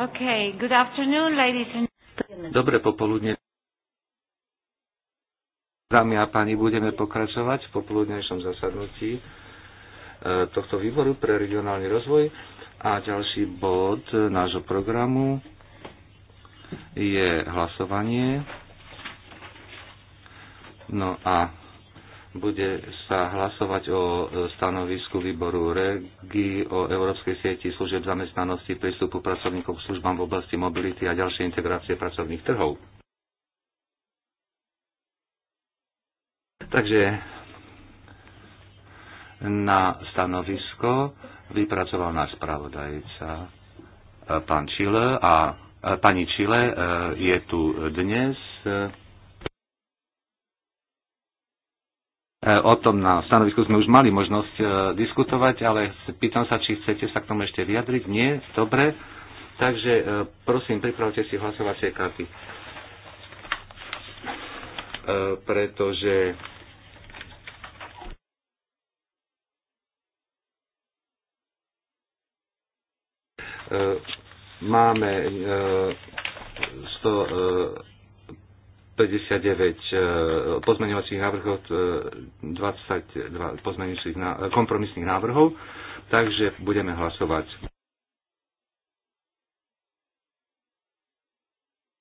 Okay, good afternoon, ladies and Dobre popoludne. Dámy a páni, budeme pokračovať v popoludnejšom zasadnutí e, tohto výboru pre regionálny rozvoj. A ďalší bod nášho programu je hlasovanie. No a bude sa hlasovať o e, stanovisku výboru REGI, o Európskej sieti služieb zamestnanosti, prístupu pracovníkov k službám v oblasti mobility a ďalšej integrácie pracovných trhov. Takže na stanovisko vypracoval náš spravodajca e, pán Čile a e, pani Čile je tu dnes E, o tom na stanovisku sme už mali možnosť e, diskutovať, ale pýtam sa, či chcete sa k tomu ešte vyjadriť. Nie? Dobre. Takže e, prosím, pripravte si hlasovacie karty. Pretože máme 100 59 e, pozmeňovacích návrhov, 22 e, pozmeňujúcich e, kompromisných návrhov, takže budeme hlasovať.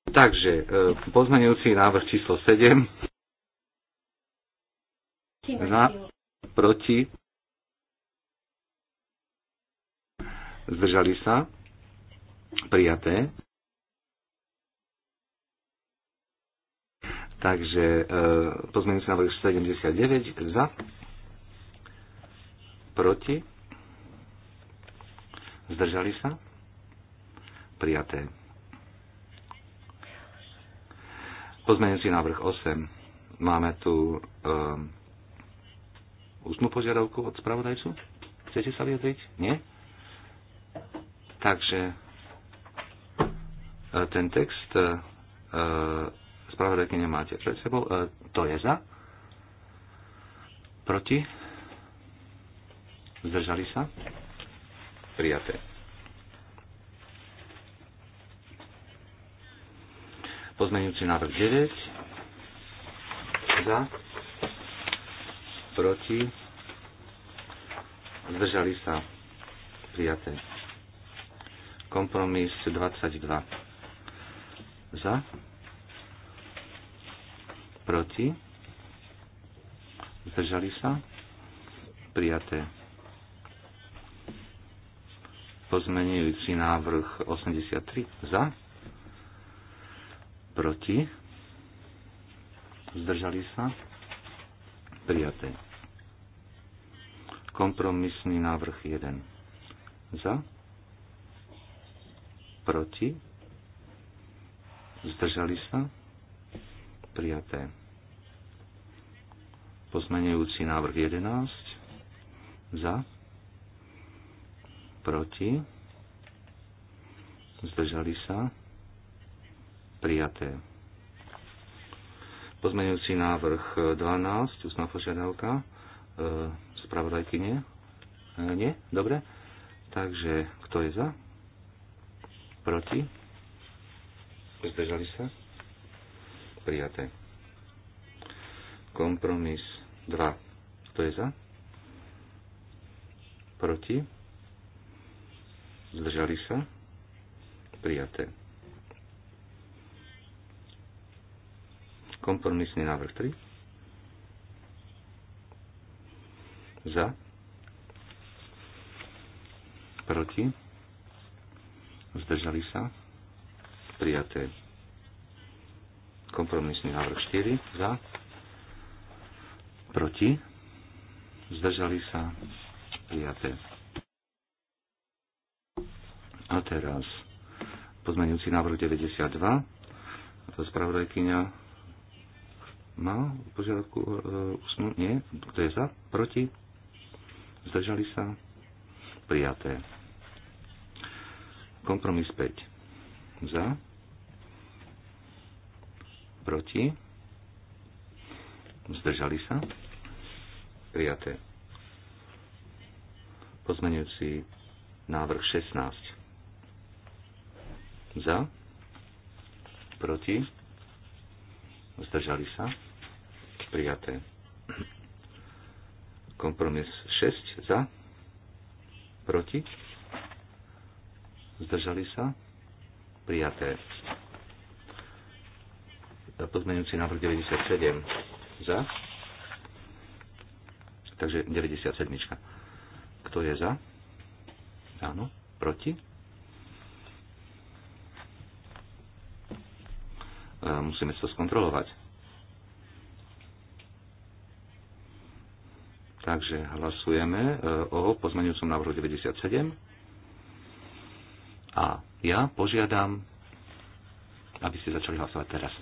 Takže pozmeňujúci návrh číslo 7 za, proti, zdržali sa, prijaté. Takže e, pozmeňujúci návrh 79 za, proti, zdržali sa, prijaté. Pozmeňujúci návrh 8. Máme tu e, ústnu požiadavku od spravodajcu. Chcete sa vyjadriť? Nie? Takže e, ten text e, spravodajky nemáte pred sebou. E, to je za. Proti. Zdržali sa. Prijaté. Pozmeňujúci návrh 9. Za. Proti. Zdržali sa. Prijaté. Kompromis 22. Za proti, zdržali sa, prijaté. Pozmenujúci návrh 83 za, proti, zdržali sa, prijaté. Kompromisný návrh 1 za, proti, zdržali sa, prijaté Pozmenujúci návrh 11. Za. Proti. Zdržali sa. Prijaté. Pozmenujúci návrh 12. Ústna požiadavka. E, e, Nie? Dobre. Takže kto je za? Proti? Zdržali sa? Prijaté. Kompromis 2. Kto je za? Proti? Zdržali sa? Prijaté. Kompromisný návrh 3. Za? Proti? Zdržali sa? Prijaté. Kompromisný návrh 4. Za? Proti? Zdržali sa? Prijaté. A teraz pozmeňujúci návrh 92. Spravodajkynia má požiadavku e, usnú? Nie? Kto je za? Proti? Zdržali sa? Prijaté. Kompromis 5. Za? Proti? Zdržali sa? Prijaté. Pozmenujúci návrh 16. Za? Proti? Zdržali sa? Prijaté. Kompromis 6. Za? Proti? Zdržali sa? Prijaté. Pozmenujúci návrh 97 za. Takže 97. Kto je za? Áno. Proti? E, musíme to skontrolovať. Takže hlasujeme e, o pozmeňujúcom návrhu 97. A ja požiadam, aby ste začali hlasovať teraz.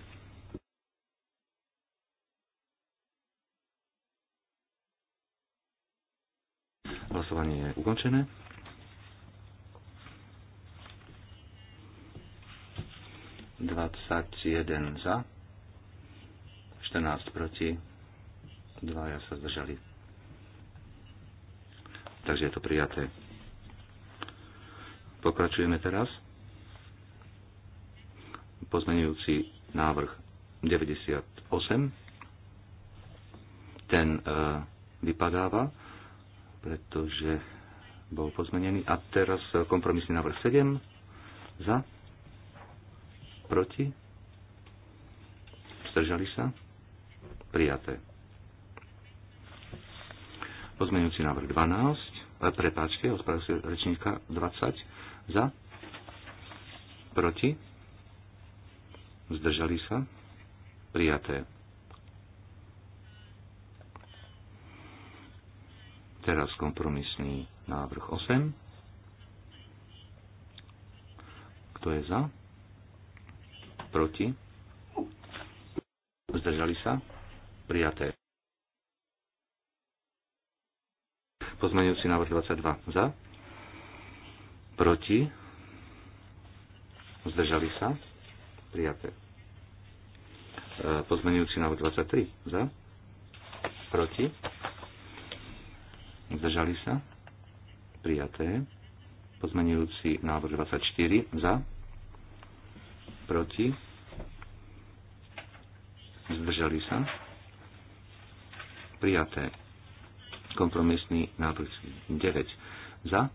Hlasovanie je ukončené. Dvadsať jeden za, 14 proti, ja sa zdržali. Takže je to prijaté. Pokračujeme teraz. Pozmenujúci návrh 98. Ten e, vypadáva pretože bol pozmenený. A teraz kompromisný návrh 7. Za? Proti? Zdržali sa? Prijaté. Pozmenujúci návrh 12. E, prepáčte, ospravedlňujem rečníka 20. Za? Proti? Zdržali sa? Prijaté. Teraz kompromisný návrh 8. Kto je za? Proti? Zdržali sa? Prijaté. Pozmeňujúci návrh 22. Za? Proti? Zdržali sa? Prijaté. E, pozmeňujúci návrh 23. Za? Proti? Zdržali sa? Prijaté. Pozmenujúci návrh 24 za. Proti. Zdržali sa? Prijaté. Kompromisný návrh 9 za.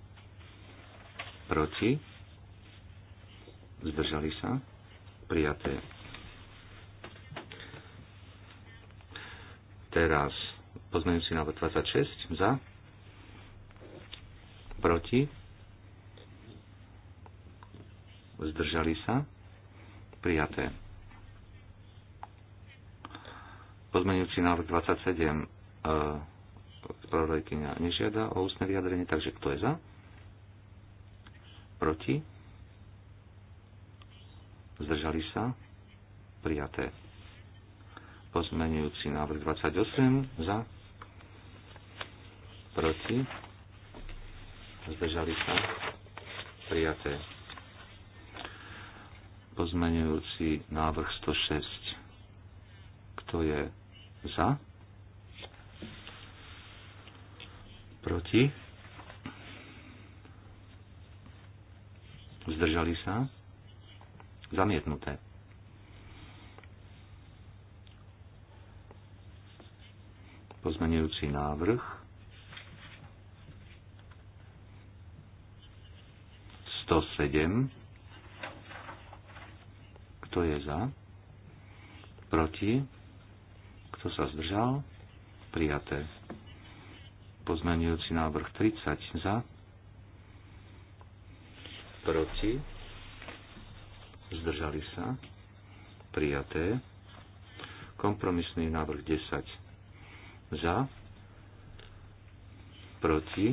Proti. Zdržali sa? Prijaté. Teraz pozmenujúci návrh 26 za proti, zdržali sa, prijaté. Pozmeňujúci návrh 27 e, spravodajkynia nežiada o ústne vyjadrenie, takže kto je za? Proti? Zdržali sa? Prijaté. Pozmeňujúci návrh 28 za? Proti? zdržali sa, prijaté. Pozmenujúci návrh 106, kto je za, proti, zdržali sa, zamietnuté. Pozmenujúci návrh 107. Kto je za? Proti? Kto sa zdržal? Prijaté. Pozmenujúci návrh 30 za. Proti? Zdržali sa? Prijaté. Kompromisný návrh 10 za. Proti?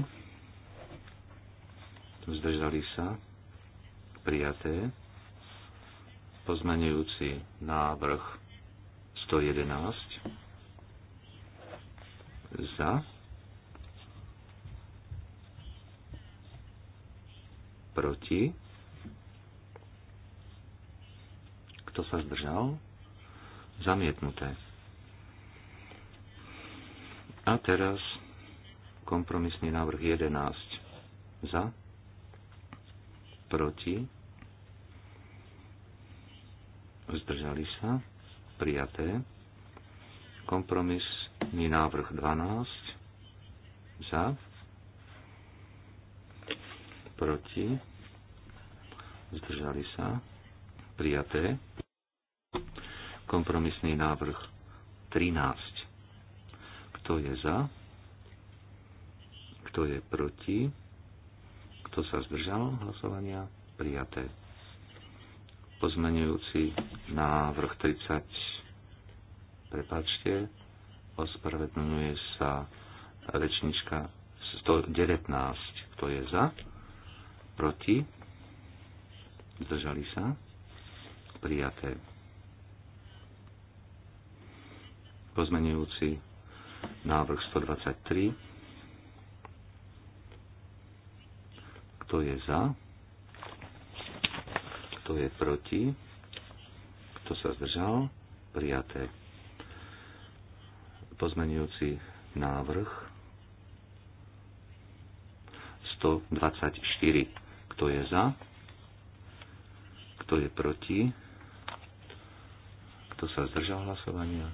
Zdržali sa? prijaté. Pozmenujúci návrh 111 za, proti, kto sa zdržal, zamietnuté. A teraz kompromisný návrh 11 za, proti, zdržali sa, prijaté. Kompromisný návrh 12, za, proti, zdržali sa, prijaté. Kompromisný návrh 13, kto je za, kto je proti, kto sa zdržal hlasovania, prijaté. Pozmenujúci návrh 30, prepačte, ospravedlňuje sa rečnička 119. Kto je za? Proti? Zdržali sa? Prijaté. Pozmenujúci návrh 123. Kto je za? Kto je proti? Kto sa zdržal? Prijaté. Pozmenujúci návrh 124. Kto je za? Kto je proti? Kto sa zdržal hlasovania?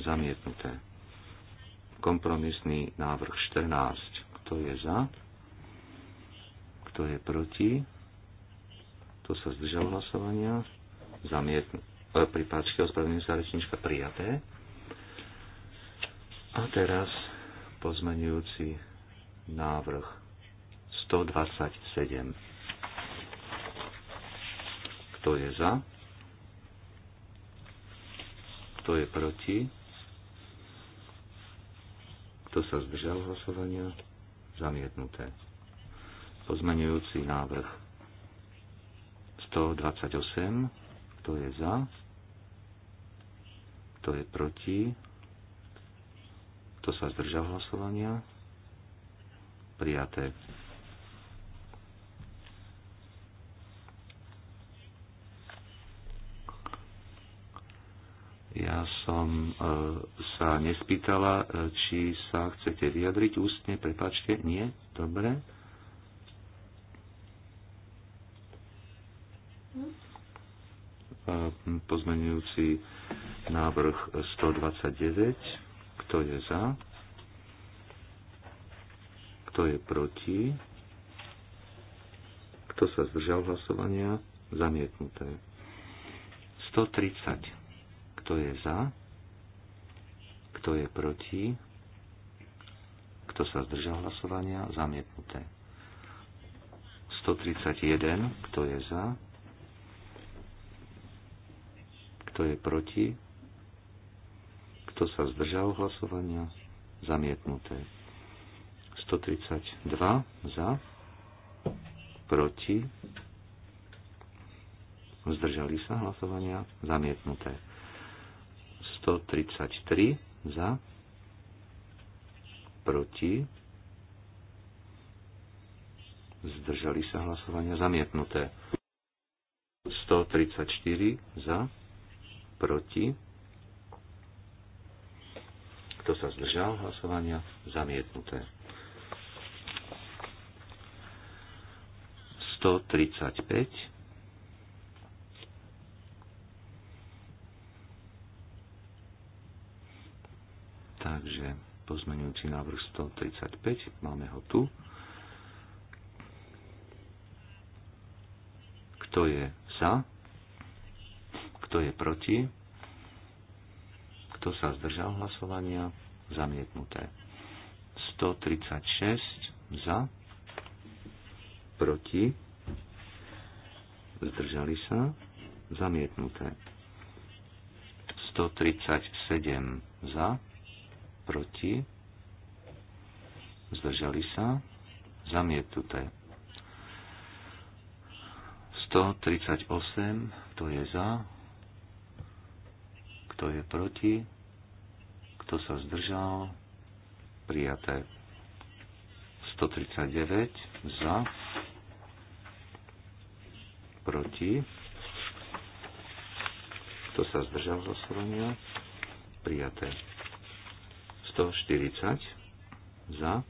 Zamietnuté. Kompromisný návrh 14. Kto je za? Kto je proti? Kto sa zdržal hlasovania? Zamietn... E, pripáčte, ospravedlňujem sa rečnička prijaté. A teraz pozmenujúci návrh 127. Kto je za? Kto je proti? Kto sa zdržal hlasovania? Zamietnuté. Pozmenujúci návrh 128. Kto je za? Kto je proti? Kto sa zdržal hlasovania? Prijaté. Ja som e, sa nespýtala, e, či sa chcete vyjadriť ústne, prepačte, nie, dobre. Ehm, pozmenujúci návrh 129. Kto je za? Kto je proti? Kto sa zdržal hlasovania? Zamietnuté. 130. Kto je za? Kto je proti? Kto sa zdržal hlasovania? Zamietnuté. 131. Kto je za? Kto je proti? Kto sa zdržal hlasovania? Zamietnuté. 132 za, proti, zdržali sa hlasovania, zamietnuté. 133 za, proti, zdržali sa hlasovania, zamietnuté. 134 za, proti, kto sa zdržal hlasovania, zamietnuté. 135. Takže pozmenujúci návrh 135, máme ho tu. Kto je za? Kto je proti? Kto sa zdržal hlasovania? Zamietnuté. 136 za, proti, zdržali sa, zamietnuté. 137 za, proti, zdržali sa, zamietnuté. 138, to je za, kto je proti? Kto sa zdržal? Prijaté. 139 za. Proti. Kto sa zdržal hlasovania? Prijaté. 140 za.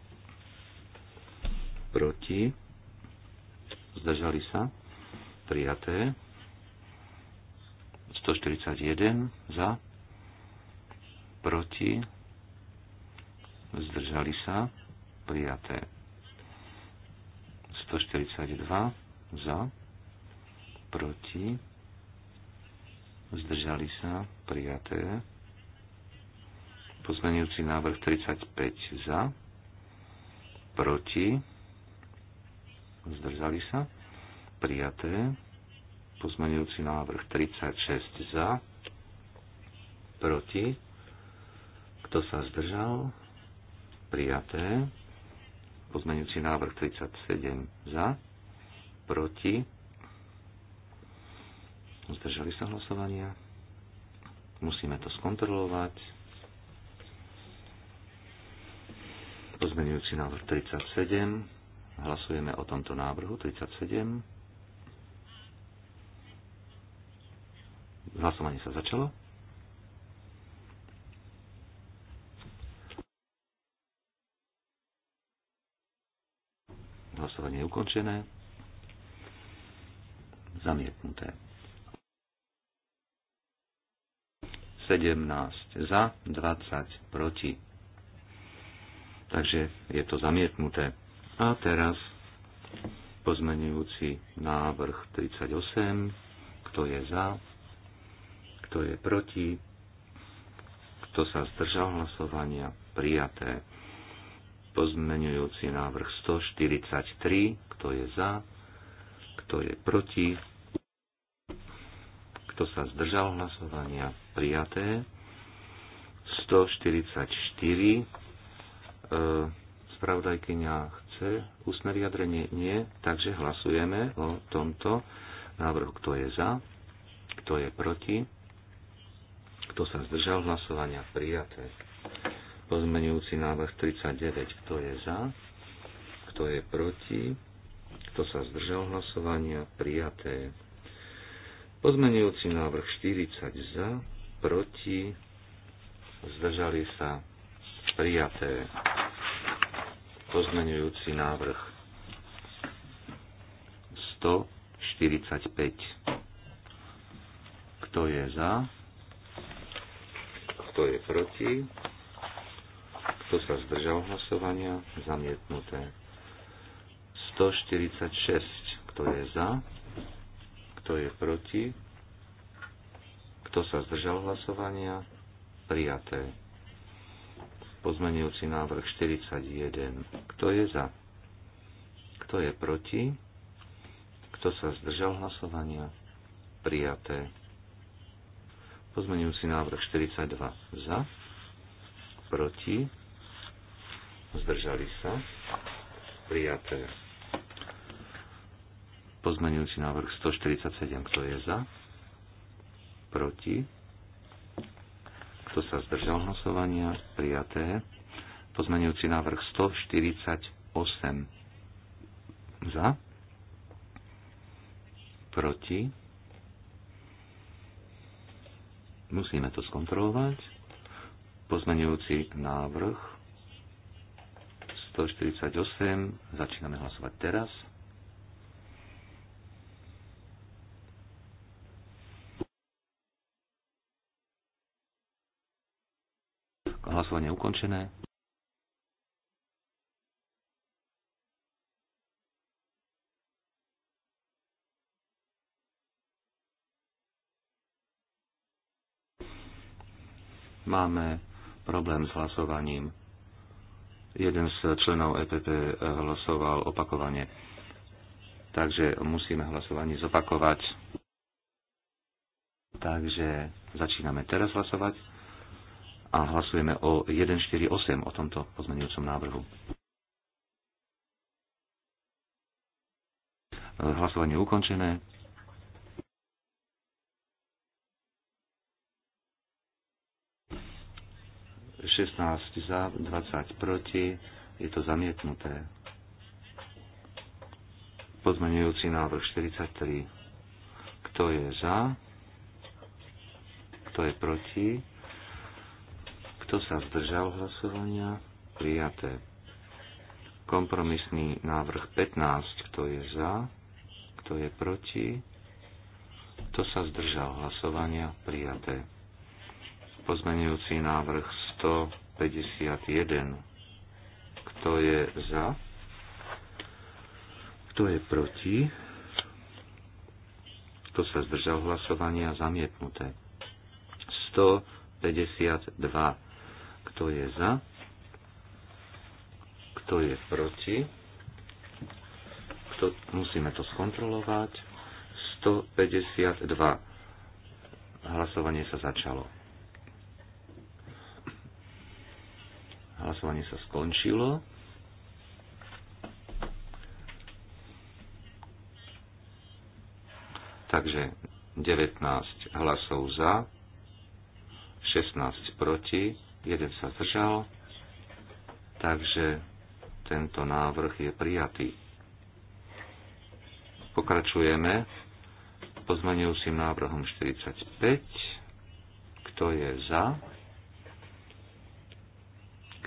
Proti. Zdržali sa? Prijaté. 141 za, proti, zdržali sa, prijaté. 142 za, proti, zdržali sa, prijaté. Pozmenujúci návrh 35 za, proti, zdržali sa, prijaté. Pozmenujúci návrh 36 za, proti, kto sa zdržal, prijaté. Pozmenujúci návrh 37 za, proti, zdržali sa hlasovania. Musíme to skontrolovať. pozmenujúci návrh 37. Hlasujeme o tomto návrhu 37. Hlasovanie sa začalo. Hlasovanie je ukončené. Zamietnuté. 17 za, 20 proti. Takže je to zamietnuté. A teraz pozmenujúci návrh 38. Kto je za? Kto je proti? Kto sa zdržal hlasovania? Prijaté. Pozmenujúci návrh 143. Kto je za? Kto je proti? Kto sa zdržal hlasovania? Prijaté. 144. E, spravodajkynia chce ústne vyjadrenie? Nie. Takže hlasujeme o tomto návrhu. Kto je za? Kto je proti? Kto sa zdržal hlasovania? Prijaté. Pozmenujúci návrh 39. Kto je za? Kto je proti? Kto sa zdržal hlasovania? Prijaté. Pozmenujúci návrh 40 za, proti, zdržali sa, prijaté. Pozmenujúci návrh 145. Kto je za? Kto je proti? Kto sa zdržal hlasovania? Zamietnuté. 146. Kto je za? Kto je proti? Kto sa zdržal hlasovania? Prijaté. Pozmenujúci návrh 41. Kto je za? Kto je proti? Kto sa zdržal hlasovania? Prijaté si návrh 42 za, proti, zdržali sa, prijaté. si návrh 147, kto je za, proti, kto sa zdržal hlasovania, prijaté. Pozmenujúci návrh 148 za, proti, Musíme to skontrolovať. Pozmenujúci návrh 148. Začíname hlasovať teraz. Hlasovanie je ukončené. Máme problém s hlasovaním. Jeden z členov EPP hlasoval opakovane. Takže musíme hlasovanie zopakovať. Takže začíname teraz hlasovať a hlasujeme o 148 o tomto pozmenujúcom návrhu. Hlasovanie ukončené. 16 za, 20 proti, je to zamietnuté. Pozmenujúci návrh 43. Kto je za? Kto je proti? Kto sa zdržal hlasovania? Prijaté. Kompromisný návrh 15. Kto je za? Kto je proti? Kto sa zdržal hlasovania? Prijaté. Pozmenujúci návrh 151. Kto je za? Kto je proti? Kto sa zdržal hlasovania? Zamietnuté. 152. Kto je za? Kto je proti? Kto, musíme to skontrolovať. 152. Hlasovanie sa začalo. Hlasovanie sa skončilo. Takže 19 hlasov za, 16 proti, 1 sa zdržal. Takže tento návrh je prijatý. Pokračujeme pozmenujúcim návrhom 45. Kto je za?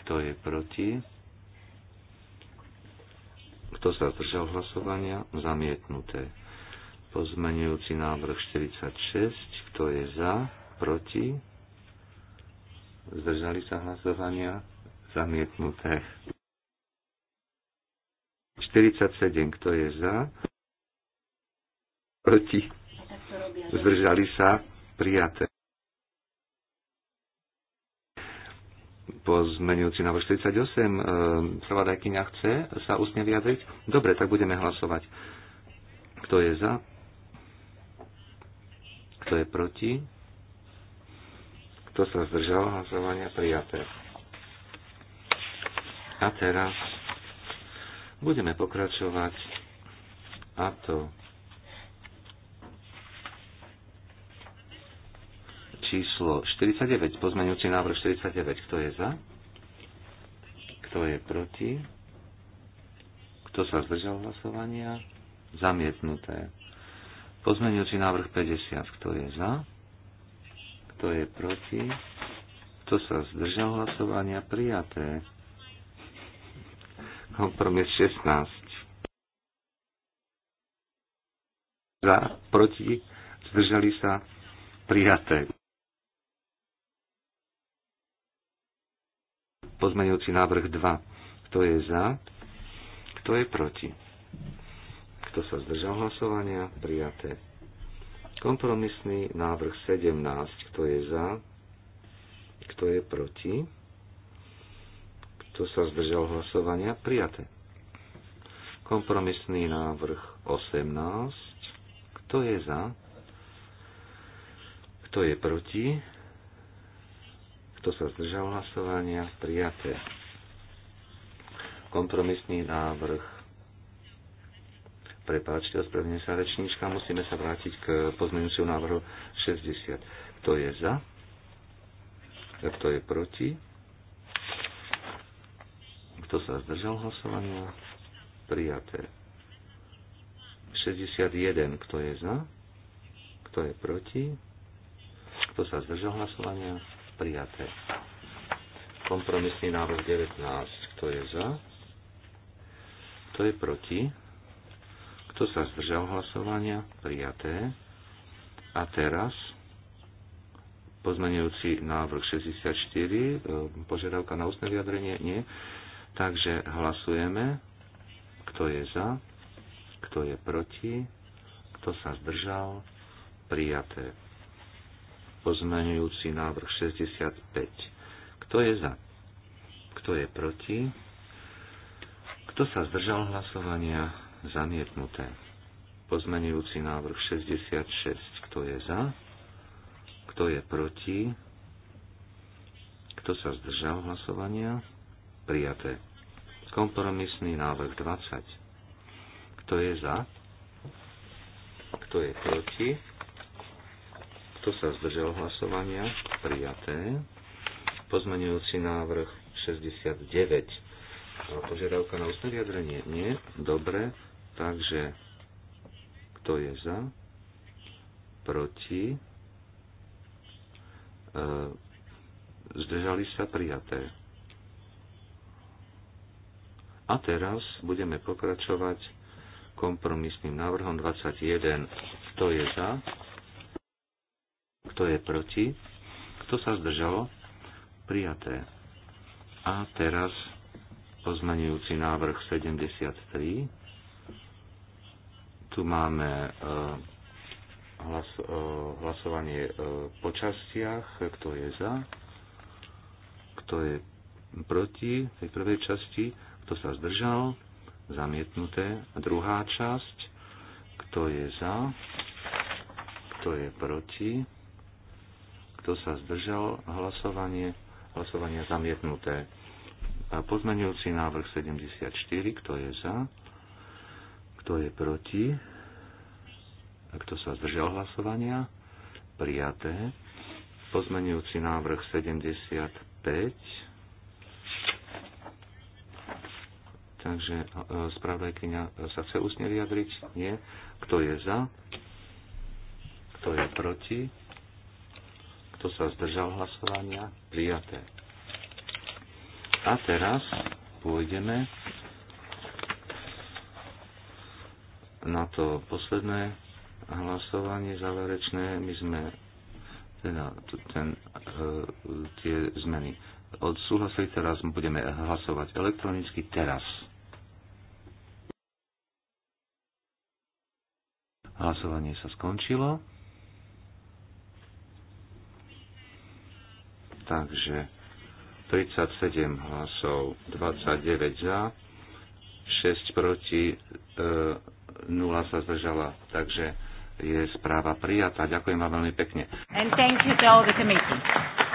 Kto je proti? Kto sa zdržal hlasovania? Zamietnuté. Pozmenujúci návrh 46. Kto je za? Proti? Zdržali sa hlasovania? Zamietnuté. 47. Kto je za? Proti? Zdržali sa? Prijaté. Pozmenujúci návrh 48, e, spravodajkyňa chce sa ústne vyjadriť? Dobre, tak budeme hlasovať. Kto je za? Kto je proti? Kto sa zdržal hlasovania? Prijaté. A teraz budeme pokračovať a to číslo 49, pozmeňujúci návrh 49. Kto je za? Kto je proti? Kto sa zdržal hlasovania? Zamietnuté. Pozmeňujúci návrh 50. Kto je za? Kto je proti? Kto sa zdržal hlasovania? Prijaté. Kompromis 16. Za, proti, zdržali sa, prijaté. pozmeňujúci návrh 2. Kto je za? Kto je proti? Kto sa zdržal hlasovania? Prijaté. Kompromisný návrh 17. Kto je za? Kto je proti? Kto sa zdržal hlasovania? Prijaté. Kompromisný návrh 18. Kto je za? Kto je proti? Kto sa zdržal hlasovania? Prijaté. Kompromisný návrh. Prepáčte, ospravedlňujem sa rečníčka. Musíme sa vrátiť k pozmeňujúcemu návrhu 60. Kto je za? A kto je proti? Kto sa zdržal hlasovania? Prijaté. 61. Kto je za? Kto je proti? Kto sa zdržal hlasovania? prijaté. Kompromisný návrh 19. Kto je za? Kto je proti? Kto sa zdržal hlasovania? Prijaté. A teraz pozmenujúci návrh 64, ehm, požiadavka na ústne vyjadrenie? Nie. Takže hlasujeme, kto je za, kto je proti, kto sa zdržal, prijaté pozmenujúci návrh 65. Kto je za? Kto je proti? Kto sa zdržal hlasovania? Zamietnuté. Pozmenujúci návrh 66. Kto je za? Kto je proti? Kto sa zdržal hlasovania? Prijaté. Kompromisný návrh 20. Kto je za? Kto je proti? Kto sa zdržal hlasovania? Prijaté. Pozmenujúci návrh 69. Požiadavka na ústne vyjadrenie? Nie. Dobre. Takže kto je za? Proti? E, zdržali sa prijaté. A teraz budeme pokračovať kompromisným návrhom 21. Kto je za? Kto je proti? Kto sa zdržalo? Prijaté. A teraz pozmenujúci návrh 73. Tu máme e, hlas, e, hlasovanie e, po častiach. Kto je za? Kto je proti tej prvej časti? Kto sa zdržal? Zamietnuté. druhá časť. Kto je za? Kto je proti? Kto sa zdržal hlasovanie? Hlasovanie zamietnuté. Pozmenujúci návrh 74. Kto je za? Kto je proti? Kto sa zdržal hlasovania? Prijaté. Pozmenujúci návrh 75. Takže e, spravodajkyňa sa chce ústne vyjadriť? Nie. Kto je za? Kto je proti? Kto sa zdržal hlasovania? Prijaté. A teraz pôjdeme na to posledné hlasovanie záverečné. My sme teda ten, e, tie zmeny odsúhlasili, teraz budeme hlasovať elektronicky teraz. Hlasovanie sa skončilo. takže 37 hlasov, 29 za, 6 proti, 0 e, sa zdržala, takže je správa prijatá. Ďakujem vám veľmi pekne. And thank you to all the committee.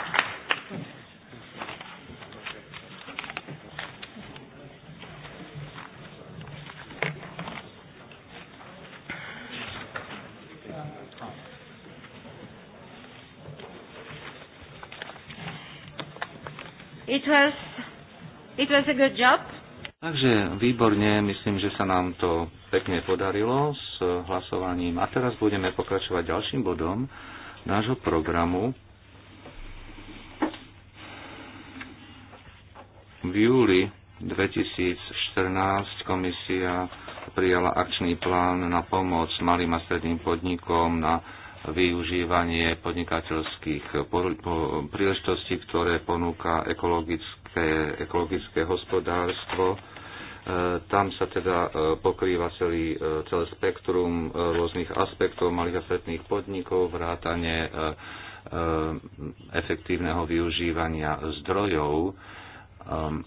does a good job. Takže výborne, myslím, že sa nám to pekne podarilo s hlasovaním. A teraz budeme pokračovať ďalším bodom nášho programu. V júli 2014 komisia prijala akčný plán na pomoc malým a stredným podnikom na využívanie podnikateľských príležitostí, ktoré ponúka ekologické, ekologické hospodárstvo. E, tam sa teda e, pokrýva celý, e, celé spektrum rôznych aspektov malých a stredných podnikov, vrátane efektívneho využívania zdrojov ehm,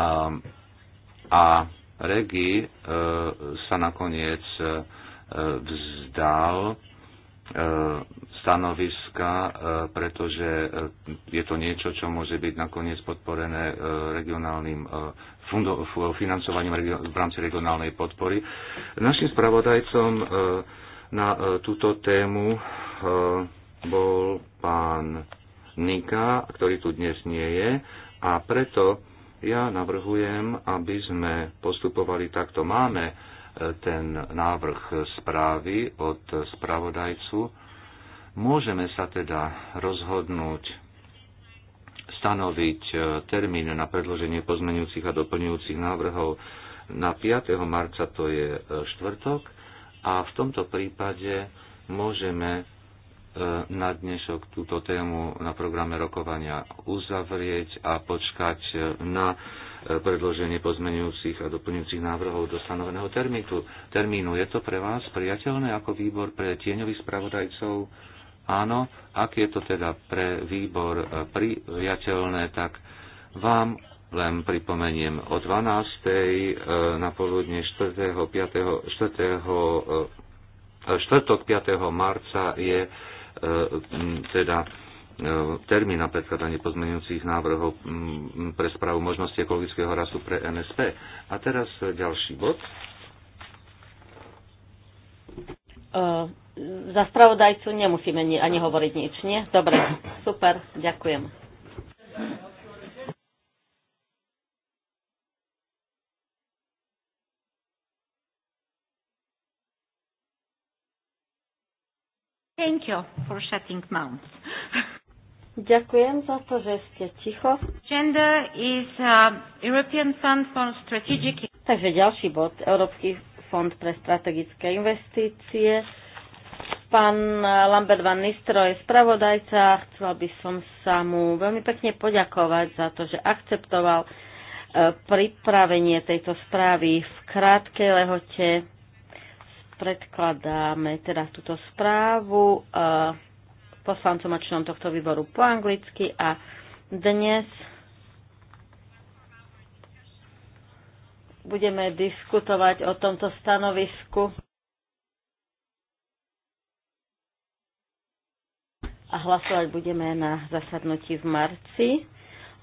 a, a regi sa nakoniec vzdal stanoviska, e, pretože e, je to niečo, čo môže byť nakoniec podporené e, regionálnym financovaním v rámci regionálnej podpory. Našim spravodajcom na túto tému bol pán Nika, ktorý tu dnes nie je a preto ja navrhujem, aby sme postupovali takto. Máme ten návrh správy od spravodajcu. Môžeme sa teda rozhodnúť stanoviť e, termín na predloženie pozmenujúcich a doplňujúcich návrhov na 5. marca, to je e, štvrtok, a v tomto prípade môžeme e, na dnešok túto tému na programe rokovania uzavrieť a počkať na predloženie pozmenujúcich a doplňujúcich návrhov do stanoveného termínu. termínu. Je to pre vás priateľné ako výbor pre tieňových spravodajcov? Áno, ak je to teda pre výbor eh, priateľné, tak vám len pripomeniem o 12. Eh, na poludne 4. 5. 4. 4. 5. marca je eh, teda termín na predkladanie pozmeňujúcich návrhov mm, pre správu možnosti ekologického rastu pre NSP. A teraz ďalší bod. Uh, za spravodajcu nemusíme ni- ani hovoriť nič, nie? Dobre, super, ďakujem. Thank you for shutting mouth. Ďakujem za to, že ste ticho. Gender is a uh, European Fund for Strategic... Takže ďalší bod, Európsky fond pre strategické investície. Pán Lambert van Nistro je spravodajca. Chcel by som sa mu veľmi pekne poďakovať za to, že akceptoval uh, pripravenie tejto správy v krátkej lehote. Predkladáme teda túto správu. Uh, poslancom a členom tohto výboru po anglicky a dnes budeme diskutovať o tomto stanovisku a hlasovať budeme na zasadnutí v marci.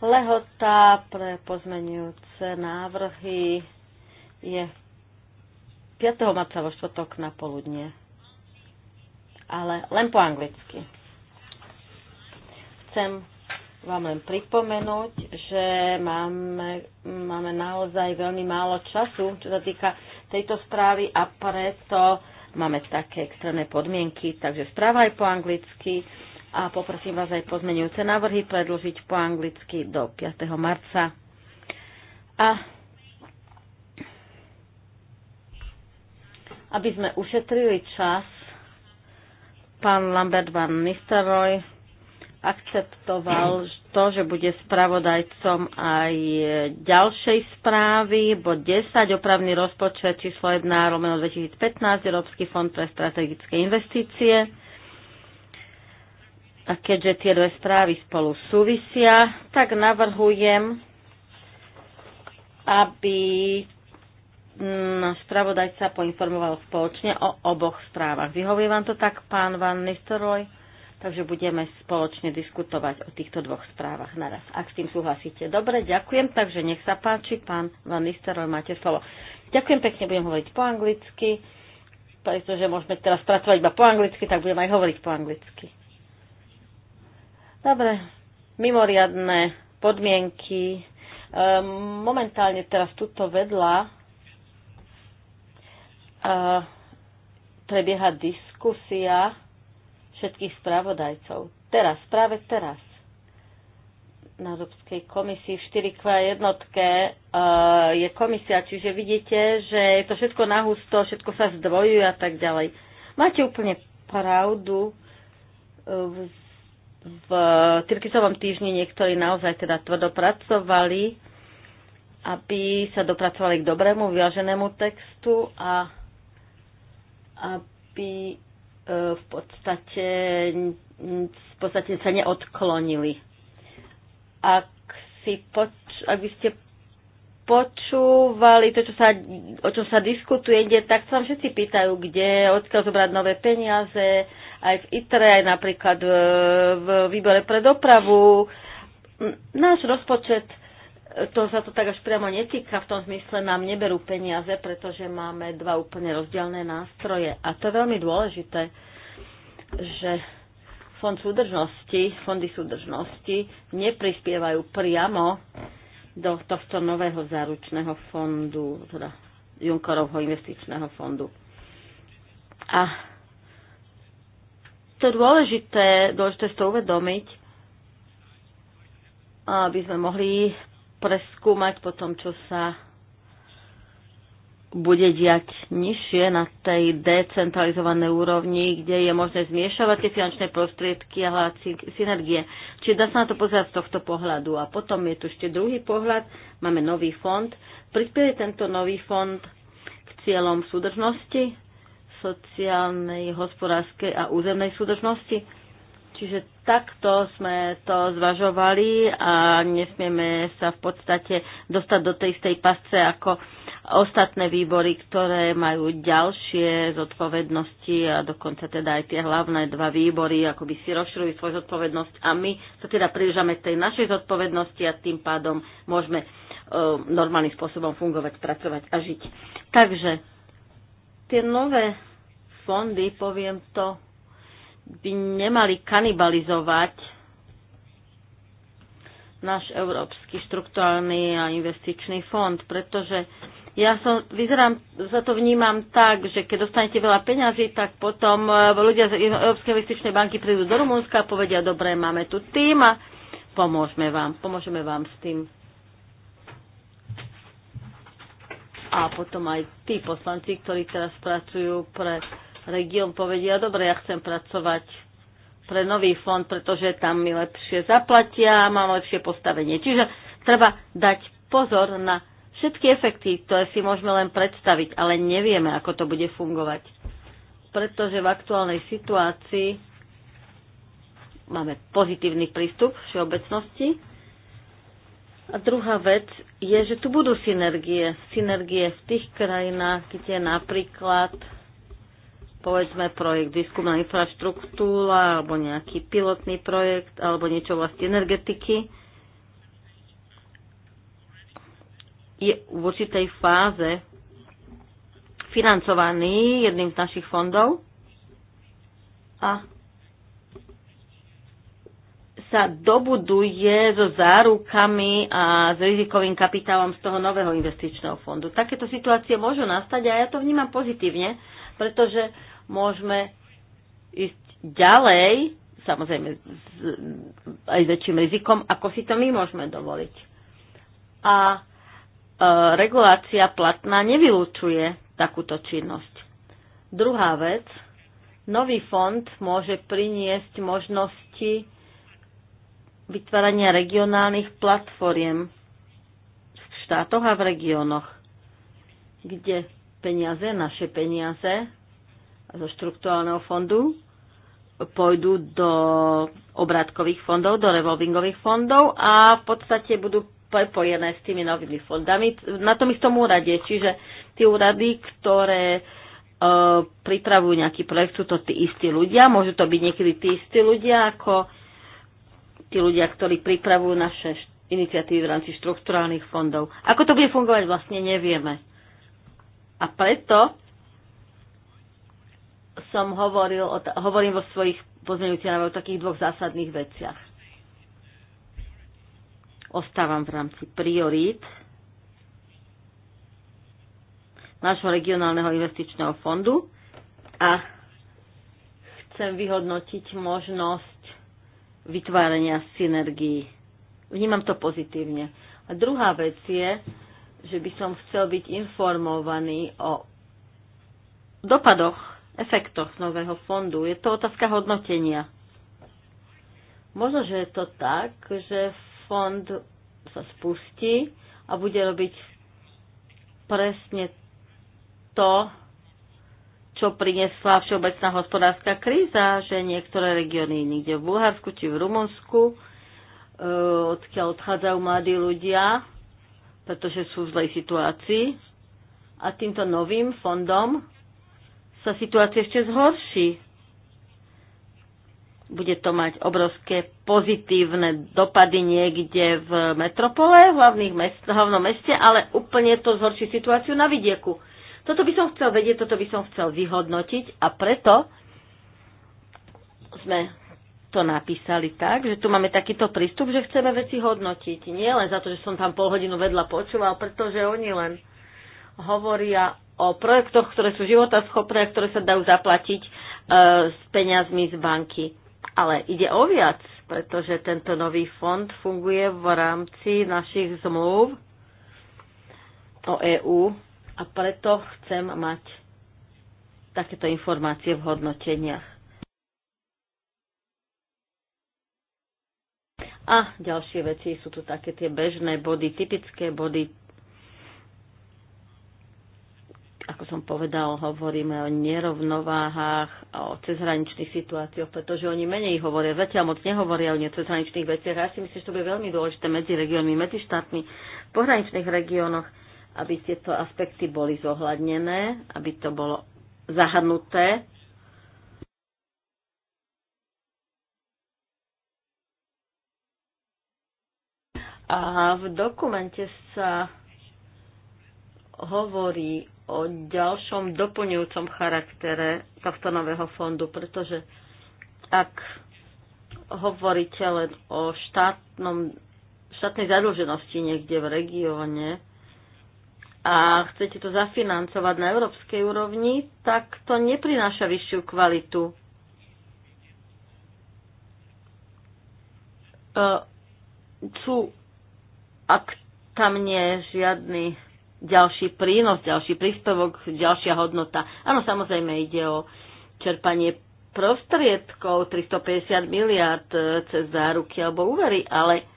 Lehota pre pozmenujúce návrhy je 5. marca vo štvrtok na poludne, ale len po anglicky. Chcem vám len pripomenúť, že máme, máme naozaj veľmi málo času, čo sa týka tejto správy a preto máme také extrémne podmienky, takže správa aj po anglicky a poprosím vás aj pozmenujúce návrhy predložiť po anglicky do 5. marca. A aby sme ušetrili čas, pán Lambert van Nistelrooy akceptoval to, že bude spravodajcom aj ďalšej správy, bod 10, opravný rozpočet číslo 1 Romeo 2015, Európsky fond pre strategické investície. A keďže tie dve správy spolu súvisia, tak navrhujem, aby mm, spravodajca poinformoval spoločne o oboch správach. Vyhovuje vám to tak, pán Van Nistelrooy? Takže budeme spoločne diskutovať o týchto dvoch správach naraz. Ak s tým súhlasíte. Dobre, ďakujem. Takže nech sa páči, pán Van Nistelrooy, máte slovo. Ďakujem pekne, budem hovoriť po anglicky, pretože môžeme teraz pracovať iba po anglicky, tak budem aj hovoriť po anglicky. Dobre, mimoriadné podmienky. Ehm, momentálne teraz tuto vedľa ehm, prebieha diskusia všetkých spravodajcov. Teraz, práve teraz na Európskej komisii v 4 k jednotke e, je komisia, čiže vidíte, že je to všetko nahusto, všetko sa zdvojuje a tak ďalej. Máte úplne pravdu. E, v, v Tyrkisovom týždni niektorí naozaj teda tvrdo pracovali, aby sa dopracovali k dobrému, vyváženému textu a aby E, v podstate, v podstate sa neodklonili. Ak, si poč- ak by ste počúvali to, čo sa, o čom sa diskutuje, kde, tak sa vám všetci pýtajú, kde, odkiaľ zobrať nové peniaze, aj v ITRE, aj napríklad v, e, v výbore pre dopravu. Náš rozpočet to sa to tak až priamo netýka, v tom zmysle nám neberú peniaze, pretože máme dva úplne rozdielne nástroje. A to je veľmi dôležité, že fond súdržnosti, fondy súdržnosti neprispievajú priamo do tohto nového záručného fondu, teda Junkerovho investičného fondu. A to je dôležité, dôležité si to uvedomiť, aby sme mohli preskúmať po tom, čo sa bude diať nižšie na tej decentralizovanej úrovni, kde je možné zmiešavať tie finančné prostriedky a hľadať synergie. Čiže dá sa na to pozerať z tohto pohľadu. A potom je tu ešte druhý pohľad, máme nový fond. Prispieje tento nový fond k cieľom súdržnosti, sociálnej, hospodárskej a územnej súdržnosti. Čiže takto sme to zvažovali a nesmieme sa v podstate dostať do tej istej pasce ako ostatné výbory, ktoré majú ďalšie zodpovednosti a dokonca teda aj tie hlavné dva výbory ako by si rozširujú svoju zodpovednosť a my sa teda prižame k tej našej zodpovednosti a tým pádom môžeme e, normálnym spôsobom fungovať, pracovať a žiť. Takže tie nové fondy, poviem to by nemali kanibalizovať náš Európsky štruktúrny a investičný fond, pretože ja som, vyzerám, za to vnímam tak, že keď dostanete veľa peňazí, tak potom e, ľudia z Európskej investičnej banky prídu do Rumunska a povedia, dobre, máme tu tým a pomôžeme vám, pomôžeme vám s tým. A potom aj tí poslanci, ktorí teraz pracujú pre región povedia, dobre, ja chcem pracovať pre nový fond, pretože tam mi lepšie zaplatia, mám lepšie postavenie. Čiže treba dať pozor na všetky efekty, ktoré si môžeme len predstaviť, ale nevieme, ako to bude fungovať. Pretože v aktuálnej situácii máme pozitívny prístup všeobecnosti. A druhá vec je, že tu budú synergie. Synergie v tých krajinách, kde napríklad povedzme projekt výskumná infraštruktúra alebo nejaký pilotný projekt alebo niečo vlastne energetiky je v určitej fáze financovaný jedným z našich fondov a sa dobuduje so zárukami a s rizikovým kapitálom z toho nového investičného fondu. Takéto situácie môžu nastať a ja to vnímam pozitívne, pretože môžeme ísť ďalej, samozrejme s, aj s väčším rizikom, ako si to my môžeme dovoliť. A e, regulácia platná nevylučuje takúto činnosť. Druhá vec, nový fond môže priniesť možnosti vytvárania regionálnych platformiem v štátoch a v regiónoch, kde peniaze, naše peniaze, zo štruktúrneho fondu pôjdu do obrátkových fondov, do revolvingových fondov a v podstate budú prepojené s tými novými fondami na tom istom úrade. Čiže tie úrady, ktoré e, pripravujú nejaký projekt, sú to tí istí ľudia, môžu to byť niekedy tí istí ľudia, ako tí ľudia, ktorí pripravujú naše iniciatívy v rámci štrukturálnych fondov. Ako to bude fungovať, vlastne nevieme. A preto som hovoril, o, hovorím vo svojich pozmeňujúcich o takých dvoch zásadných veciach. Ostávam v rámci priorít nášho regionálneho investičného fondu a chcem vyhodnotiť možnosť vytvárania synergií. Vnímam to pozitívne. A druhá vec je, že by som chcel byť informovaný o dopadoch efektoch nového fondu. Je to otázka hodnotenia. Možno, že je to tak, že fond sa spustí a bude robiť presne to, čo priniesla všeobecná hospodárska kríza, že niektoré regióny niekde v Bulharsku či v Rumunsku, e, odkiaľ odchádzajú mladí ľudia, pretože sú v zlej situácii. A týmto novým fondom sa situácia ešte zhorší. Bude to mať obrovské pozitívne dopady niekde v metropole, v hlavných mest, hlavnom meste, ale úplne to zhorší situáciu na vidieku. Toto by som chcel vedieť, toto by som chcel vyhodnotiť a preto sme to napísali tak, že tu máme takýto prístup, že chceme veci hodnotiť. Nie len za to, že som tam pol hodinu vedľa počúval, pretože oni len hovoria o projektoch, ktoré sú životaschopné, ktoré sa dajú zaplatiť e, s peňazmi z banky. Ale ide o viac, pretože tento nový fond funguje v rámci našich zmluv o EÚ a preto chcem mať takéto informácie v hodnoteniach. A ďalšie veci sú tu také tie bežné body, typické body ako som povedal, hovoríme o nerovnováhach, o cezhraničných situáciách, pretože oni menej hovoria, zatiaľ moc nehovoria o cezhraničných veciach. Ja si myslím, že to bude veľmi dôležité medzi regiónmi, medzi štátmi, v pohraničných regiónoch, aby tieto aspekty boli zohľadnené, aby to bolo zahrnuté. A v dokumente sa hovorí o ďalšom doplňujúcom charaktere tohto nového fondu, pretože ak hovoríte len o štátnom, štátnej zadlženosti niekde v regióne a chcete to zafinancovať na európskej úrovni, tak to neprináša vyššiu kvalitu. Uh, sú, ak tam nie je žiadny ďalší prínos, ďalší príspevok, ďalšia hodnota. Áno, samozrejme ide o čerpanie prostriedkov 350 miliard e, cez záruky alebo úvery, ale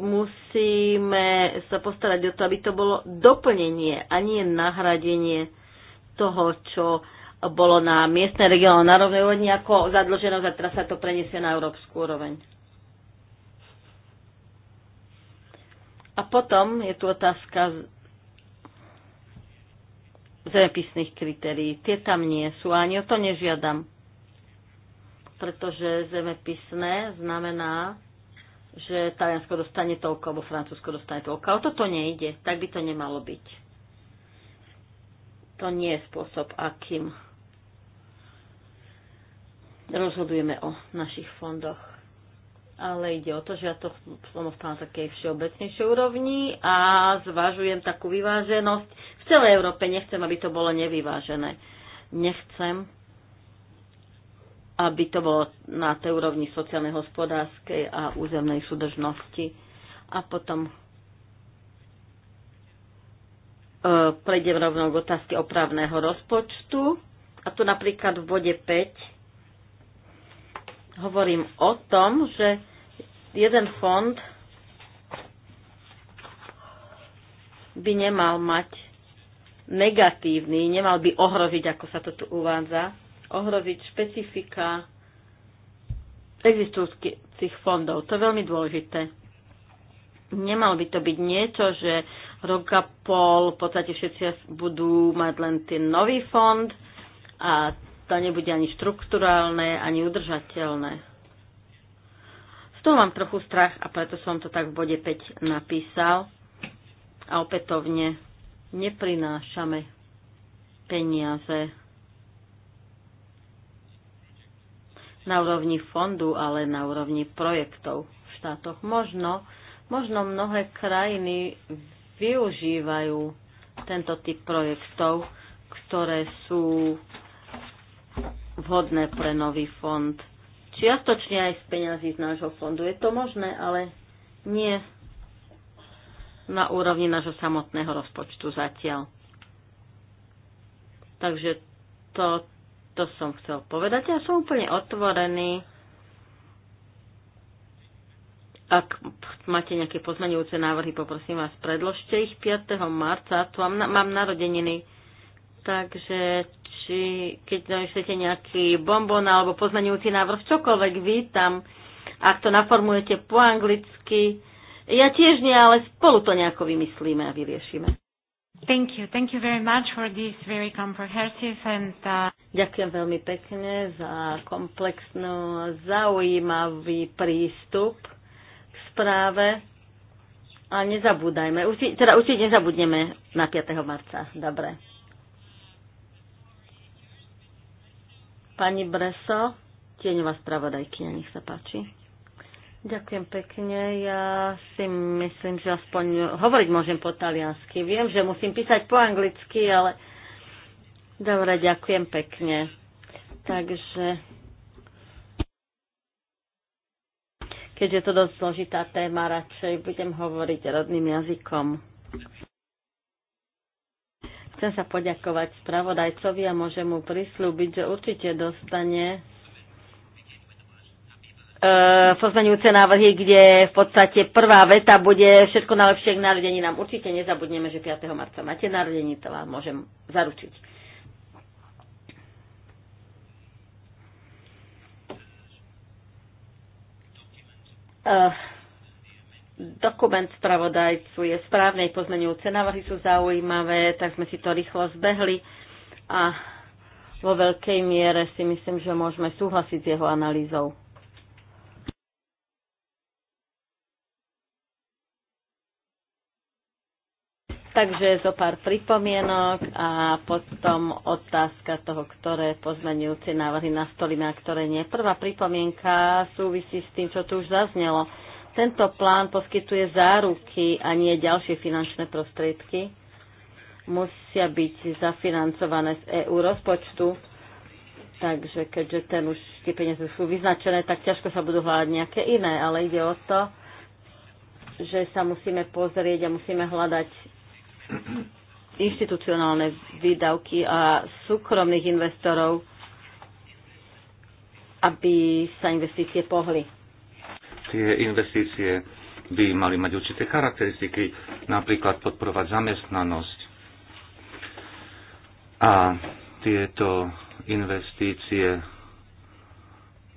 musíme sa postarať o to, aby to bolo doplnenie a nie nahradenie toho, čo bolo na miestnej regionálnej úrovni ako zadlženosť a teraz sa to preniesie na európsku úroveň. A potom je tu otázka zemepisných kritérií. Tie tam nie sú, ani o to nežiadam. Pretože zemepisné znamená, že Taliansko dostane toľko, alebo Francúzsko dostane toľko. O toto nejde, tak by to nemalo byť. To nie je spôsob, akým rozhodujeme o našich fondoch ale ide o to, že ja to som v na takej všeobecnejšej úrovni a zvažujem takú vyváženosť. V celej Európe nechcem, aby to bolo nevyvážené. Nechcem, aby to bolo na tej úrovni sociálnej, hospodárskej a územnej súdržnosti. A potom e, prejdem rovno k otázke opravného rozpočtu. A tu napríklad v bode 5 hovorím o tom, že jeden fond by nemal mať negatívny, nemal by ohroziť, ako sa to tu uvádza, ohroziť špecifika existujúcich fondov. To je veľmi dôležité. Nemal by to byť niečo, že rok a pol v podstate všetci budú mať len ten nový fond a to nebude ani štrukturálne, ani udržateľné. Z toho mám trochu strach a preto som to tak v bode 5 napísal. A opätovne neprinášame peniaze na úrovni fondu, ale na úrovni projektov v štátoch. Možno, možno mnohé krajiny využívajú tento typ projektov, ktoré sú vhodné pre nový fond. Čiastočne aj z peňazí z nášho fondu. Je to možné, ale nie na úrovni nášho samotného rozpočtu zatiaľ. Takže to, to som chcel povedať. Ja som úplne otvorený. Ak máte nejaké pozmenujúce návrhy, poprosím vás, predložte ich 5. marca. Tu mám, mám narodeniny, takže či keď vyšlete nejaký bonbon alebo pozmenujúci návrh, čokoľvek vítam, ak to naformujete po anglicky. Ja tiež nie, ale spolu to nejako vymyslíme a vyriešime. Thank you. Thank you very much for this very comprehensive and uh... Ďakujem veľmi pekne za komplexnú, zaujímavý prístup k správe. A nezabúdajme, teda určite nezabudneme na 5. marca. Dobre. Pani Breso, tieňová spravodajkyňa, nech sa páči. Ďakujem pekne. Ja si myslím, že aspoň hovoriť môžem po taliansky. Viem, že musím písať po anglicky, ale dobre, ďakujem pekne. Takže keďže je to dosť zložitá téma, radšej budem hovoriť rodným jazykom. Chcem sa poďakovať spravodajcovi a môžem mu prislúbiť, že určite dostane e, pozmeňujúce návrhy, kde v podstate prvá veta bude všetko najlepšie k narodení nám Určite nezabudneme, že 5. marca máte narodení, to vám môžem zaručiť. Uh, Dokument spravodajcu je správnej pozmenujúce návrhy sú zaujímavé, tak sme si to rýchlo zbehli a vo veľkej miere si myslím, že môžeme súhlasiť s jeho analýzou. Takže zo pár pripomienok a potom otázka toho, ktoré pozmenujúce návrhy nastolíme a ktoré nie. Prvá pripomienka súvisí s tým, čo tu už zaznelo. Tento plán poskytuje záruky a nie ďalšie finančné prostriedky. Musia byť zafinancované z EU rozpočtu, takže keďže ten už tie peniaze sú vyznačené, tak ťažko sa budú hľadať nejaké iné, ale ide o to, že sa musíme pozrieť a musíme hľadať inštitucionálne výdavky a súkromných investorov, aby sa investície pohli tie investície by mali mať určité charakteristiky, napríklad podporovať zamestnanosť. A tieto investície e,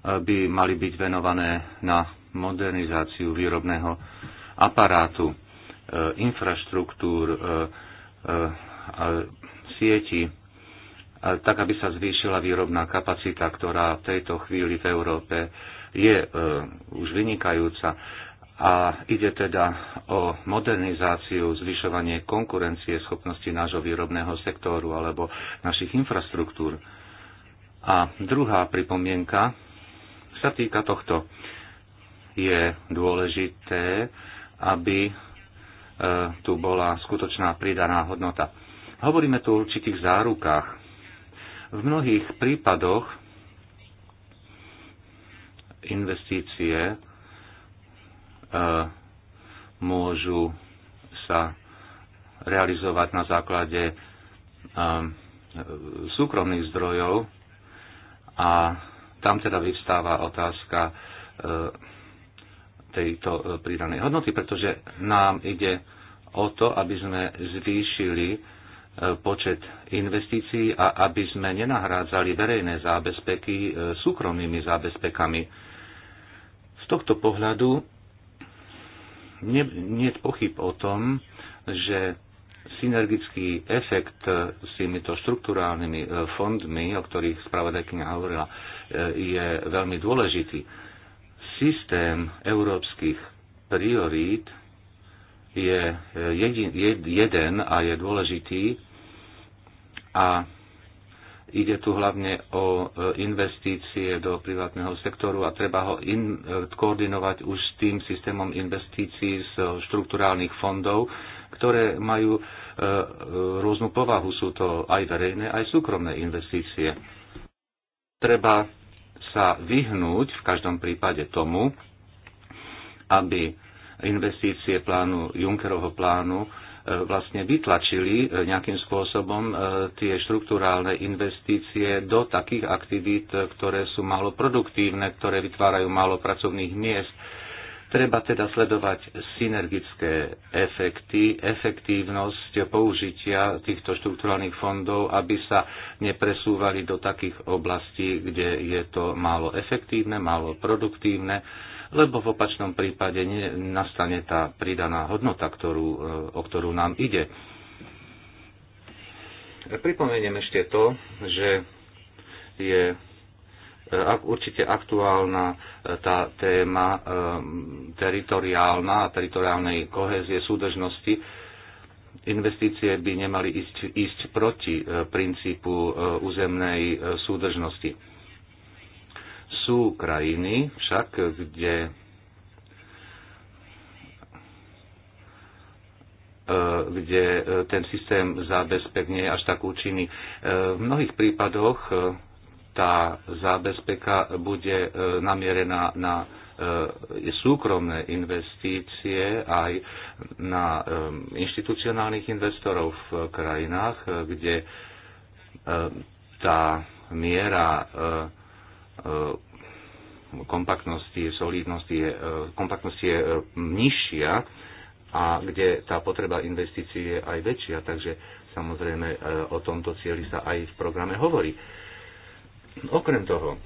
by mali byť venované na modernizáciu výrobného aparátu, e, infraštruktúr, e, sieti, tak aby sa zvýšila výrobná kapacita, ktorá v tejto chvíli v Európe je e, už vynikajúca a ide teda o modernizáciu, zvyšovanie konkurencie schopnosti nášho výrobného sektoru alebo našich infraštruktúr. A druhá pripomienka sa týka tohto. Je dôležité, aby e, tu bola skutočná pridaná hodnota. Hovoríme tu o určitých zárukách. V mnohých prípadoch investície e, môžu sa realizovať na základe e, súkromných zdrojov a tam teda vyvstáva otázka e, tejto pridanej hodnoty, pretože nám ide o to, aby sme zvýšili počet investícií a aby sme nenahrádzali verejné zábezpeky súkromnými zábezpekami z tohto pohľadu nie, je pochyb o tom, že synergický efekt s týmito štruktúrálnymi e, fondmi, o ktorých spravodajkyňa hovorila, e, je veľmi dôležitý. Systém európskych priorít je e, jedin, jed, jeden a je dôležitý a Ide tu hlavne o e, investície do privátneho sektoru a treba ho in, e, koordinovať už s tým systémom investícií z e, štruktúrálnych fondov, ktoré majú rôznu povahu. Sú to aj verejné, aj súkromné investície. Treba sa vyhnúť v každom prípade tomu, aby investície plánu, Junckerovho plánu, vlastne vytlačili e, nejakým spôsobom e, tie štruktúrálne investície do takých aktivít, e, ktoré sú málo produktívne, ktoré vytvárajú málo pracovných miest. Treba teda sledovať synergické efekty, efektívnosť použitia týchto štruktúrálnych fondov, aby sa nepresúvali do takých oblastí, kde je to málo efektívne, málo produktívne lebo v opačnom prípade nastane tá pridaná hodnota, ktorú, e, o ktorú nám ide. Pripomeniem ešte to, že je e, určite aktuálna e, tá téma teritoriálna a teritoriálnej kohezie súdržnosti. Investície by nemali ísť, ísť proti princípu územnej súdržnosti sú krajiny však, kde e, kde e, ten systém zábezpek nie je až tak účinný. E, v mnohých prípadoch tá zábezpeka bude namierená na súkromné investície aj na inštitucionálnych investorov v krajinách, kde tá miera kompaktnosti, solidnosti je, kompaktnosti je e, e, nižšia a kde tá potreba investícií je aj väčšia. Takže samozrejme e, o tomto cieli sa aj v programe hovorí. Okrem toho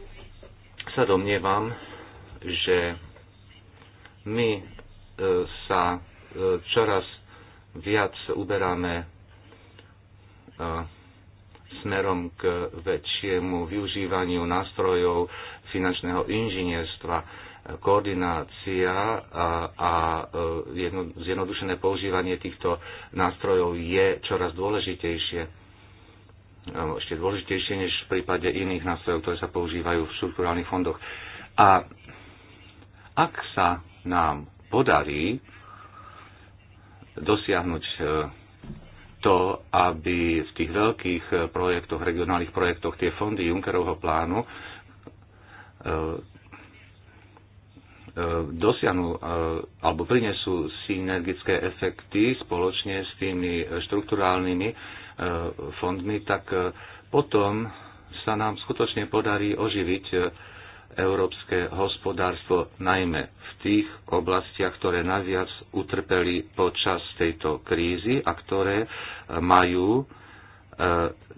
sa domnievam, že my sa čoraz viac uberáme smerom k väčšiemu využívaniu nástrojov finančného inžinierstva, koordinácia a, a e, jedno, zjednodušené používanie týchto nástrojov je čoraz dôležitejšie e, ešte dôležitejšie než v prípade iných nástrojov, ktoré sa používajú v štruktúrálnych fondoch. A ak sa nám podarí dosiahnuť e, to, aby v tých veľkých projektoch, regionálnych projektoch tie fondy Junckerovho plánu E, e, dosiahnu e, alebo prinesú synergické efekty spoločne s tými štruktúrálnymi fondmi, tak potom sa nám skutočne podarí oživiť európske hospodárstvo, najmä v tých oblastiach, ktoré najviac utrpeli počas tejto krízy a ktoré majú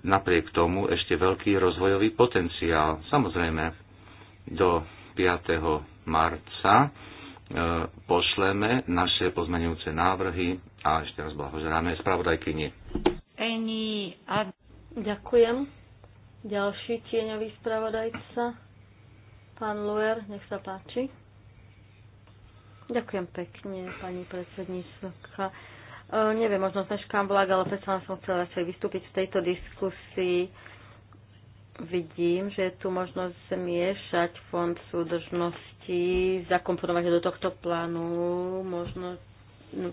napriek tomu ešte veľký rozvojový potenciál. Samozrejme, do 5. marca e, pošleme naše pozmenujúce návrhy a ešte raz blahoželáme spravodajkyni. Eni, a... Ďakujem. Ďalší tieňový spravodajca, pán Luer, nech sa páči. Ďakujem pekne, pani predsedníčka. E, neviem, možno zmeškám vlak, ale predsa som chcela radšej vystúpiť v tejto diskusii. E, vidím, že je tu možnosť zmiešať fond súdržnosti, zakomponovať do tohto plánu, možno no,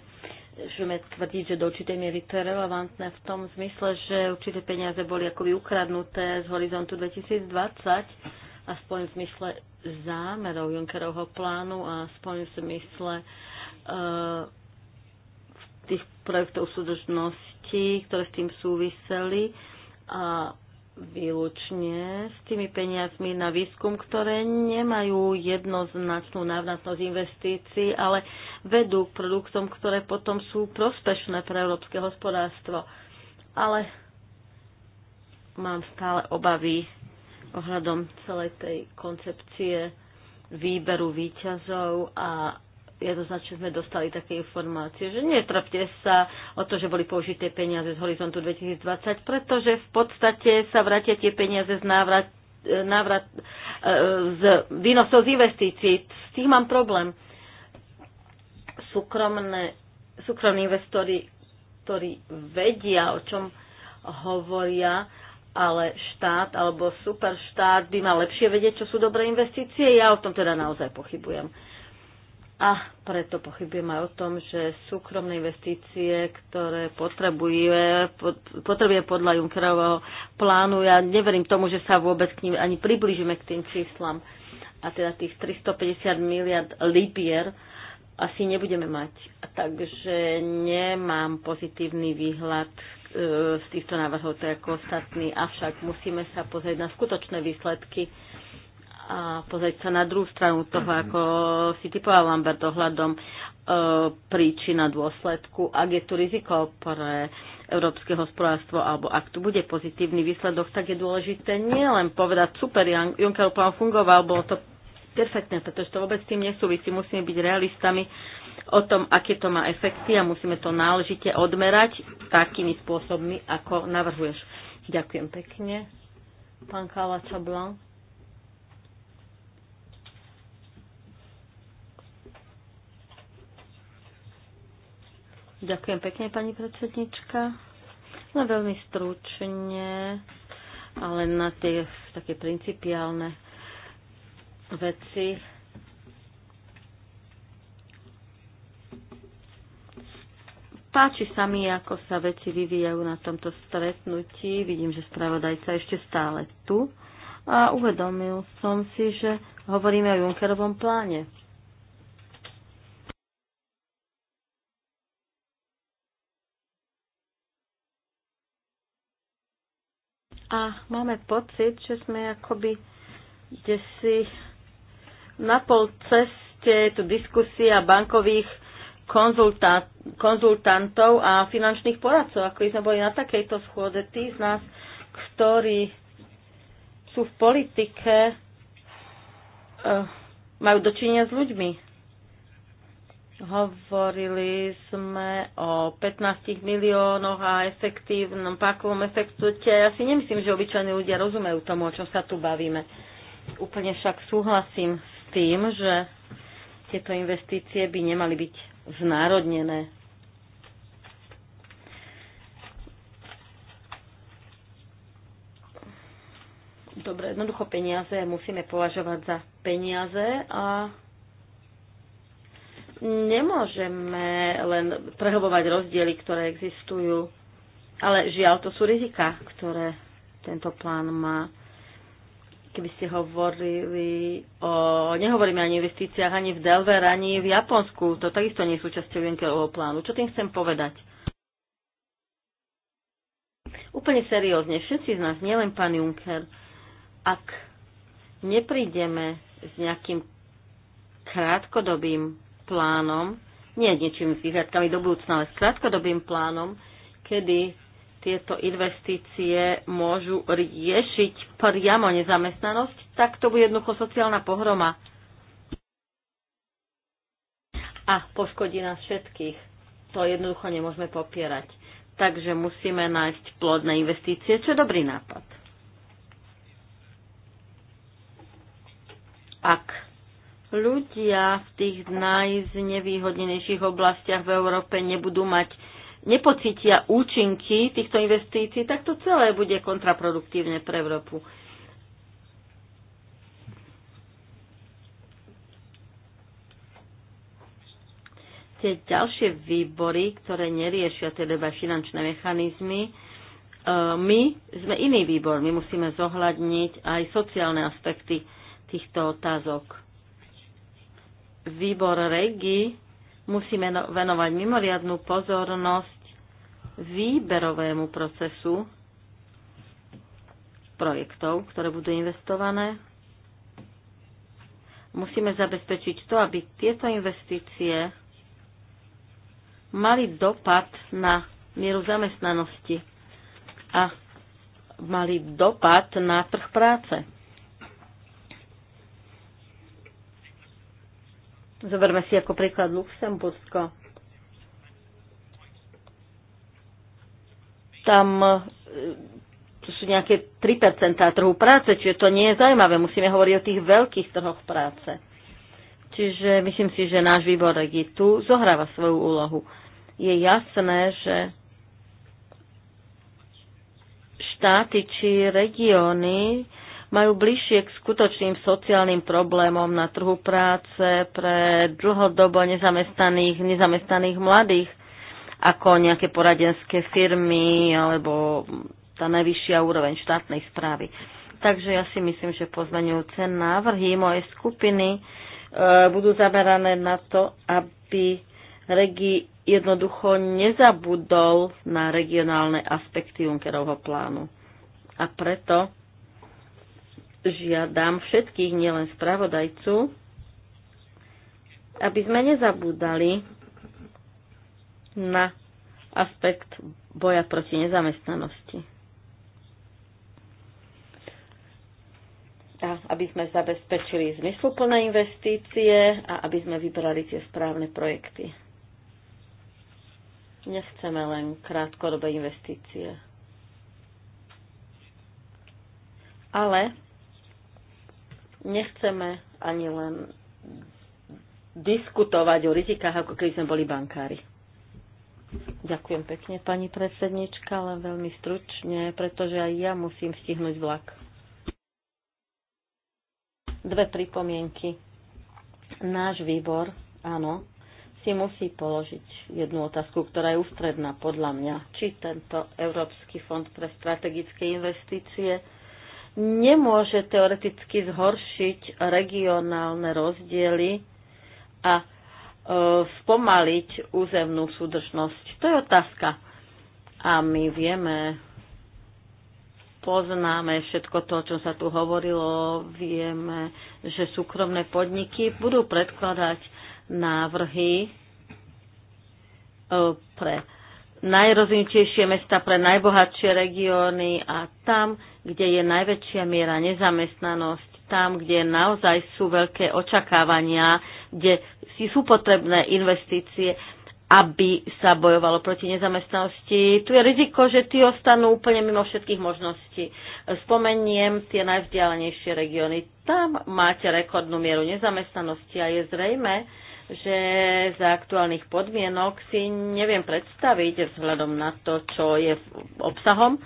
môžeme tvrdiť, že do určitej miery to je relevantné v tom zmysle, že určité peniaze boli akoby ukradnuté z horizontu 2020, aspoň v zmysle zámerov Junckerovho plánu a aspoň v zmysle uh, tých projektov súdržnosti, ktoré s tým súviseli. A uh, výlučne s tými peniazmi na výskum, ktoré nemajú jednoznačnú návratnosť investícií, ale vedú k produktom, ktoré potom sú prospešné pre európske hospodárstvo. Ale mám stále obavy ohľadom celej tej koncepcie výberu výťazov a jednoznačne sme dostali také informácie, že netrpte sa o to, že boli použité peniaze z horizontu 2020, pretože v podstate sa vrátia tie peniaze z návrat, e, návrat e, z výnosov z investícií. S tým mám problém. Súkromné, súkromní investori, ktorí vedia, o čom hovoria, ale štát alebo superštát by mal lepšie vedieť, čo sú dobré investície. Ja o tom teda naozaj pochybujem. A preto pochybujem aj o tom, že súkromné investície, ktoré potrebuje, potrebuje podľa Junckerovho plánu, ja neverím tomu, že sa vôbec k ním ani približíme k tým číslam. A teda tých 350 miliard lipier asi nebudeme mať. Takže nemám pozitívny výhľad e, z týchto návrhov, to ako ostatní. Avšak musíme sa pozrieť na skutočné výsledky a pozrieť sa na druhú stranu toho, mhm. ako si typoval Lambert ohľadom e, príčina dôsledku, ak je tu riziko pre európske hospodárstvo, alebo ak tu bude pozitívny výsledok, tak je dôležité nielen povedať, super, Juncker plán fungoval, bolo to perfektné, pretože to vôbec s tým nesúvisí. Musíme byť realistami o tom, aké to má efekty a musíme to náležite odmerať takými spôsobmi, ako navrhuješ. Ďakujem pekne. Pán Kala Čablan. Ďakujem pekne, pani predsednička. No veľmi stručne, ale na tie také principiálne veci. Páči sa mi, ako sa veci vyvíjajú na tomto stretnutí. Vidím, že spravodajca ešte stále tu. A uvedomil som si, že hovoríme o Junckerovom pláne A máme pocit, že sme akoby kde si na pol ceste je tu diskusia bankových konzultát, konzultantov a finančných poradcov. Ako sme boli na takejto schôde, tí z nás, ktorí sú v politike, eh, majú dočinenia s ľuďmi. Hovorili sme o 15 miliónoch a efektívnom pakovom efektu, Ja si nemyslím, že obyčajní ľudia rozumejú tomu, o čom sa tu bavíme. Úplne však súhlasím s tým, že tieto investície by nemali byť znárodnené. Dobre, jednoducho peniaze musíme považovať za peniaze a nemôžeme len prehobovať rozdiely, ktoré existujú. Ale žiaľ, to sú rizika, ktoré tento plán má. Keby ste hovorili o... Nehovoríme ani o investíciách, ani v Delver, ani v Japonsku. To takisto nie sú časťou Junckerovho plánu. Čo tým chcem povedať? Úplne seriózne, všetci z nás, nielen pán Juncker, ak neprídeme s nejakým krátkodobým plánom, nie niečím s výhľadkami do budúcna, ale s krátkodobým plánom, kedy tieto investície môžu riešiť priamo nezamestnanosť, tak to bude jednoducho sociálna pohroma. A poškodí nás všetkých. To jednoducho nemôžeme popierať. Takže musíme nájsť plodné investície, čo je dobrý nápad. Ak ľudia v tých najznevýhodnenejších oblastiach v Európe nebudú mať, nepocítia účinky týchto investícií, tak to celé bude kontraproduktívne pre Európu. Tie ďalšie výbory, ktoré neriešia teda finančné mechanizmy, e, my sme iný výbor, my musíme zohľadniť aj sociálne aspekty týchto otázok výbor REGI musíme no- venovať mimoriadnú pozornosť výberovému procesu projektov, ktoré budú investované. Musíme zabezpečiť to, aby tieto investície mali dopad na mieru zamestnanosti a mali dopad na trh práce. Zoberme si ako príklad Luxembursko. Tam e, to sú nejaké 3% trhu práce, čiže to nie je zaujímavé. Musíme hovoriť o tých veľkých trhoch práce. Čiže myslím si, že náš výbor je tu zohráva svoju úlohu. Je jasné, že štáty či regióny majú bližšie k skutočným sociálnym problémom na trhu práce pre dlhodobo nezamestnaných, nezamestnaných mladých ako nejaké poradenské firmy alebo tá najvyššia úroveň štátnej správy. Takže ja si myslím, že pozmenujúce návrhy mojej skupiny e, budú zamerané na to, aby regi jednoducho nezabudol na regionálne aspekty Junckerovho plánu. A preto žiadam všetkých, nielen spravodajcu, aby sme nezabúdali na aspekt boja proti nezamestnanosti. A aby sme zabezpečili zmysluplné investície a aby sme vybrali tie správne projekty. Nechceme len krátkodobé investície. Ale nechceme ani len diskutovať o rizikách, ako keby sme boli bankári. Ďakujem pekne, pani predsednička, ale veľmi stručne, pretože aj ja musím stihnúť vlak. Dve pripomienky. Náš výbor, áno, si musí položiť jednu otázku, ktorá je ústredná podľa mňa. Či tento Európsky fond pre strategické investície nemôže teoreticky zhoršiť regionálne rozdiely a e, spomaliť územnú súdržnosť. To je otázka. A my vieme, poznáme všetko to, čo sa tu hovorilo, vieme, že súkromné podniky budú predkladať návrhy e, pre najrozvinutejšie mesta pre najbohatšie regióny a tam, kde je najväčšia miera nezamestnanosť, tam, kde naozaj sú veľké očakávania, kde si sú potrebné investície, aby sa bojovalo proti nezamestnanosti. Tu je riziko, že tí ostanú úplne mimo všetkých možností. Spomeniem tie najvzdialenejšie regióny. Tam máte rekordnú mieru nezamestnanosti a je zrejme, že za aktuálnych podmienok si neviem predstaviť vzhľadom na to, čo je obsahom,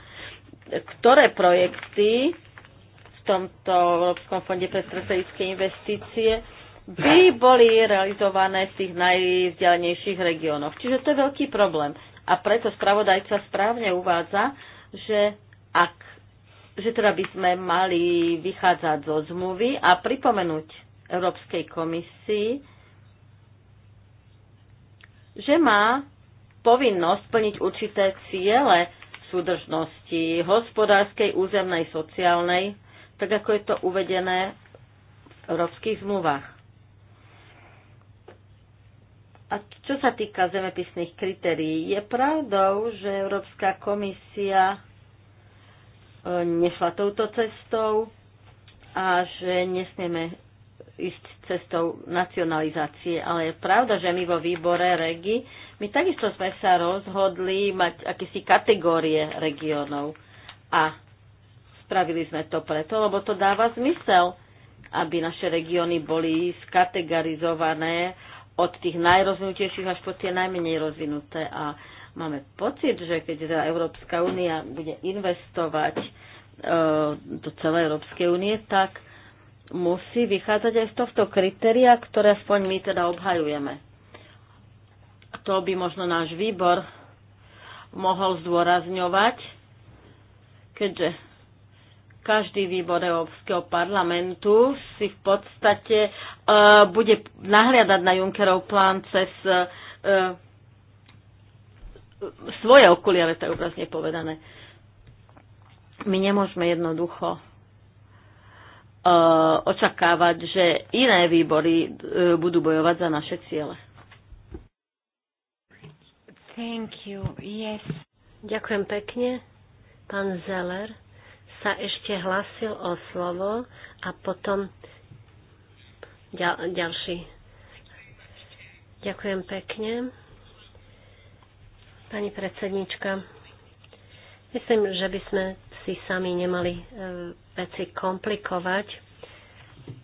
ktoré projekty v tomto Európskom fonde pre strategické investície by boli realizované v tých najvzdialenejších regiónoch. Čiže to je veľký problém. A preto spravodajca správne uvádza, že ak že teda by sme mali vychádzať zo zmluvy a pripomenúť Európskej komisii, že má povinnosť plniť určité ciele súdržnosti hospodárskej, územnej, sociálnej, tak ako je to uvedené v európskych zmluvách. A čo sa týka zemepisných kritérií, je pravdou, že Európska komisia e, nešla touto cestou a že nesmieme ísť cestou nacionalizácie. Ale je pravda, že my vo výbore REGI, my takisto sme sa rozhodli mať akési kategórie regiónov. A spravili sme to preto, lebo to dáva zmysel, aby naše regióny boli skategorizované od tých najrozvinutejších až po tie najmenej rozvinuté. A máme pocit, že keď teda Európska únia bude investovať e, do celej Európskej únie, tak musí vychádzať aj z tohto kritéria, ktoré aspoň my teda obhajujeme. to by možno náš výbor mohol zdôrazňovať, keďže každý výbor Európskeho parlamentu si v podstate uh, bude nahliadať na Junckerov plán cez uh, svoje okuliare, tak obrazne povedané. My nemôžeme jednoducho Eh, očakávať, že iné výbory eh, budú bojovať za naše ciele. Thank you. Yes. Ďakujem pekne. Pán Zeller sa ešte hlasil o slovo a potom ďal, ďalší. Ďakujem pekne. Pani predsednička, myslím, že by sme si sami nemali e, veci komplikovať.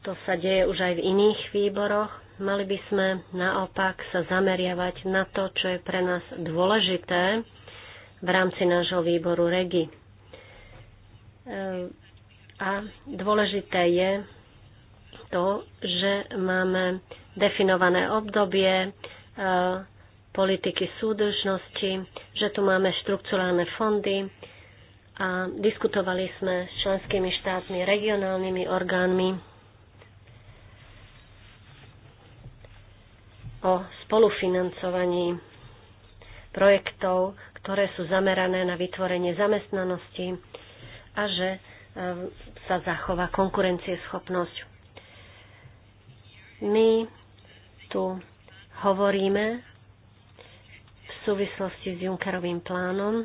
To sa deje už aj v iných výboroch. Mali by sme naopak sa zameriavať na to, čo je pre nás dôležité v rámci nášho výboru REGI. E, a dôležité je to, že máme definované obdobie, e, politiky súdržnosti, že tu máme štrukturálne fondy, a diskutovali sme s členskými štátmi, regionálnymi orgánmi o spolufinancovaní projektov, ktoré sú zamerané na vytvorenie zamestnanosti a že e, sa zachová konkurencieschopnosť. My tu hovoríme v súvislosti s Junckerovým plánom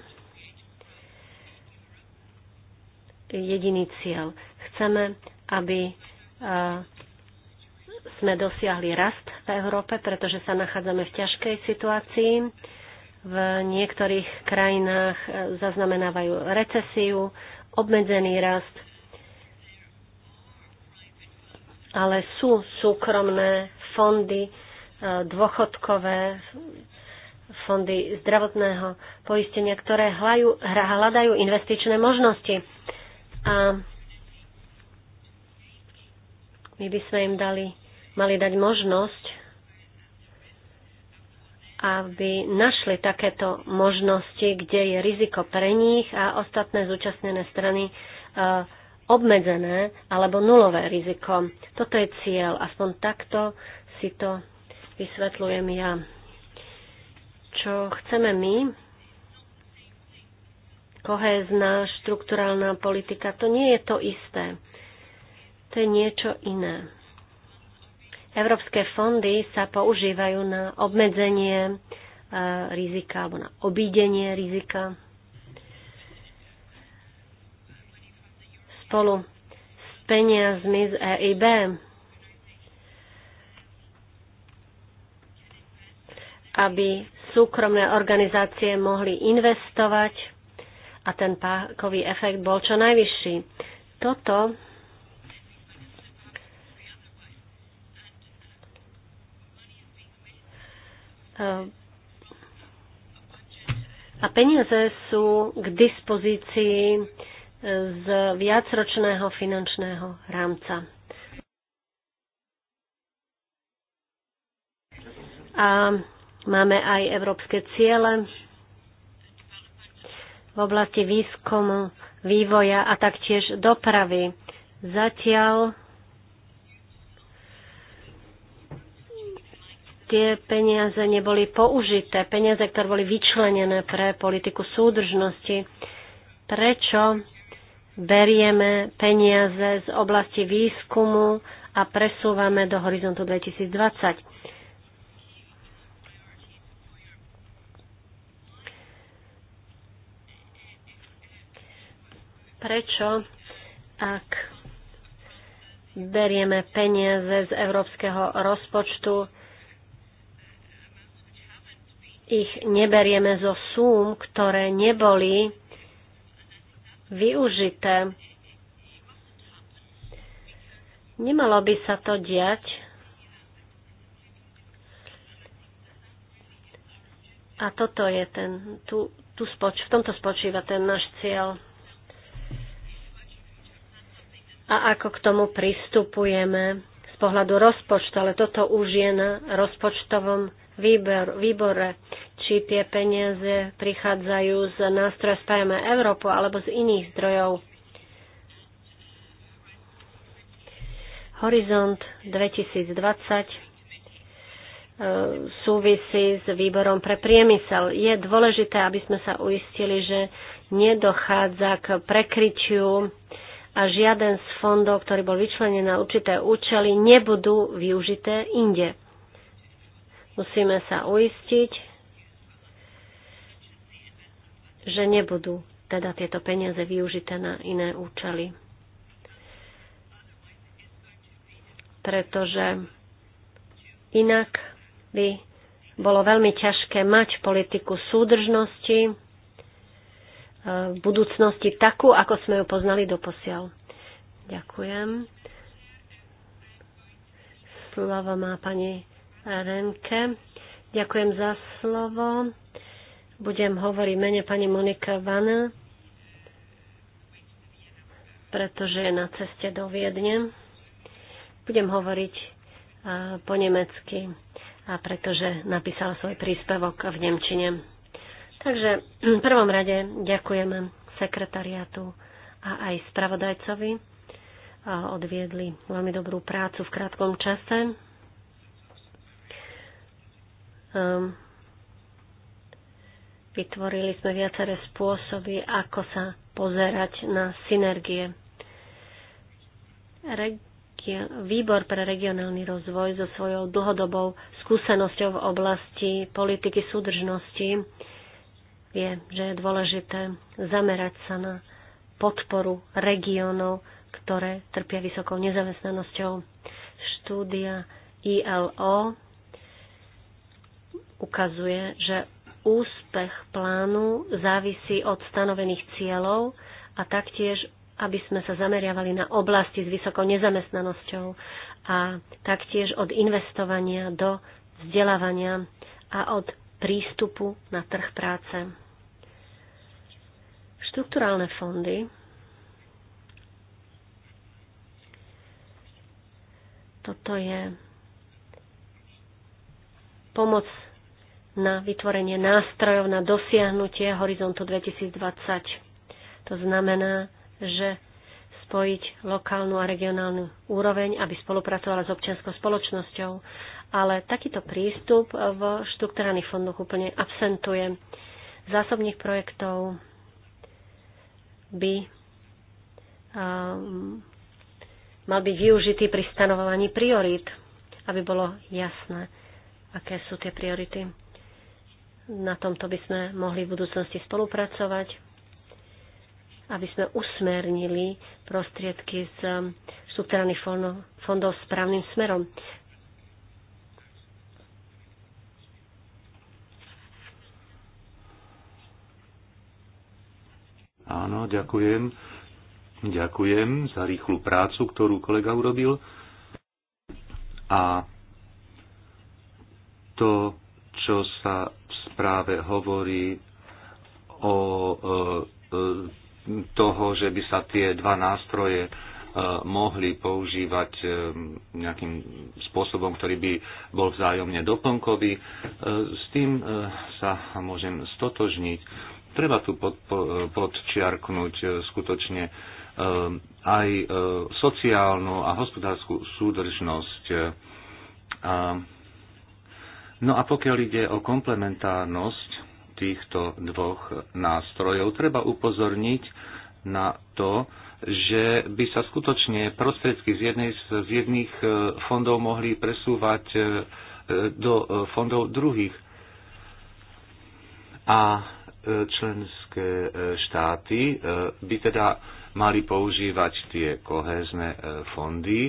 jediný cieľ. Chceme, aby sme dosiahli rast v Európe, pretože sa nachádzame v ťažkej situácii. V niektorých krajinách e, zaznamenávajú recesiu, obmedzený rast, ale sú súkromné fondy e, dôchodkové, fondy zdravotného poistenia, ktoré hľadajú investičné možnosti a my by sme im dali, mali dať možnosť, aby našli takéto možnosti, kde je riziko pre nich a ostatné zúčastnené strany e, obmedzené alebo nulové riziko. Toto je cieľ, aspoň takto si to vysvetľujem ja. Čo chceme my kohézna, štrukturálna politika, to nie je to isté. To je niečo iné. Európske fondy sa používajú na obmedzenie e, rizika alebo na obídenie rizika. Spolu s peniazmi z EIB aby súkromné organizácie mohli investovať a ten pákový efekt bol čo najvyšší. Toto a peniaze sú k dispozícii z viacročného finančného rámca. A máme aj európske ciele, v oblasti výskumu, vývoja a taktiež dopravy. Zatiaľ tie peniaze neboli použité, peniaze, ktoré boli vyčlenené pre politiku súdržnosti. Prečo berieme peniaze z oblasti výskumu a presúvame do horizontu 2020? Prečo, ak berieme peniaze z európskeho rozpočtu, ich neberieme zo súm, ktoré neboli využité. Nemalo by sa to diať. A toto je ten, tu, tu spoč, v tomto spočíva ten náš cieľ a ako k tomu pristupujeme z pohľadu rozpočtu, ale toto už je na rozpočtovom výber, výbore, či tie peniaze prichádzajú z nástroja Spájame Európu alebo z iných zdrojov. Horizont 2020 e, súvisí s výborom pre priemysel. Je dôležité, aby sme sa uistili, že nedochádza k prekryčiu a žiaden z fondov, ktorý bol vyčlenený na určité účely, nebudú využité inde. Musíme sa uistiť, že nebudú teda tieto peniaze využité na iné účely. Pretože inak by bolo veľmi ťažké mať politiku súdržnosti, v budúcnosti takú, ako sme ju poznali doposiaľ. Ďakujem. Slovo má pani Renke. Ďakujem za slovo. Budem hovoriť mene pani Monika Vana, pretože je na ceste do Viedne. Budem hovoriť e, po nemecky, a pretože napísala svoj príspevok v Nemčine. Takže v prvom rade ďakujem sekretariatu a aj spravodajcovi. Odviedli veľmi dobrú prácu v krátkom čase. Ehm, vytvorili sme viaceré spôsoby, ako sa pozerať na synergie. Výbor pre regionálny rozvoj so svojou dlhodobou skúsenosťou v oblasti politiky súdržnosti je, že je dôležité zamerať sa na podporu regiónov, ktoré trpia vysokou nezamestnanosťou. Štúdia ILO ukazuje, že úspech plánu závisí od stanovených cieľov a taktiež, aby sme sa zameriavali na oblasti s vysokou nezamestnanosťou a taktiež od investovania do vzdelávania a od prístupu na trh práce. Štrukturálne fondy toto je pomoc na vytvorenie nástrojov na dosiahnutie horizontu 2020. To znamená, že spojiť lokálnu a regionálnu úroveň, aby spolupracovala s občianskou spoločnosťou. Ale takýto prístup v štrukturálnych fondoch úplne absentuje. Zásobných projektov by um, mal byť využitý pri stanovovaní priorít, aby bolo jasné, aké sú tie priority. Na tomto by sme mohli v budúcnosti spolupracovať, aby sme usmernili prostriedky z štruktúrnych fondov správnym smerom. Áno, ďakujem. Ďakujem za rýchlu prácu, ktorú kolega urobil. A to, čo sa v správe hovorí o e, e, toho, že by sa tie dva nástroje e, mohli používať nejakým spôsobom, ktorý by bol vzájomne doplnkový. S tým sa môžem stotožniť. Treba tu pod, podčiarknúť e, skutočne e, aj e, sociálnu a hospodárskú súdržnosť. No a pokiaľ ide o komplementárnosť týchto dvoch nástrojov, treba upozorniť na to, že by sa skutočne prostriedky z, jednej, z jedných fondov mohli presúvať do fondov druhých. A členské e, štáty e, by teda mali používať tie kohézne e, fondy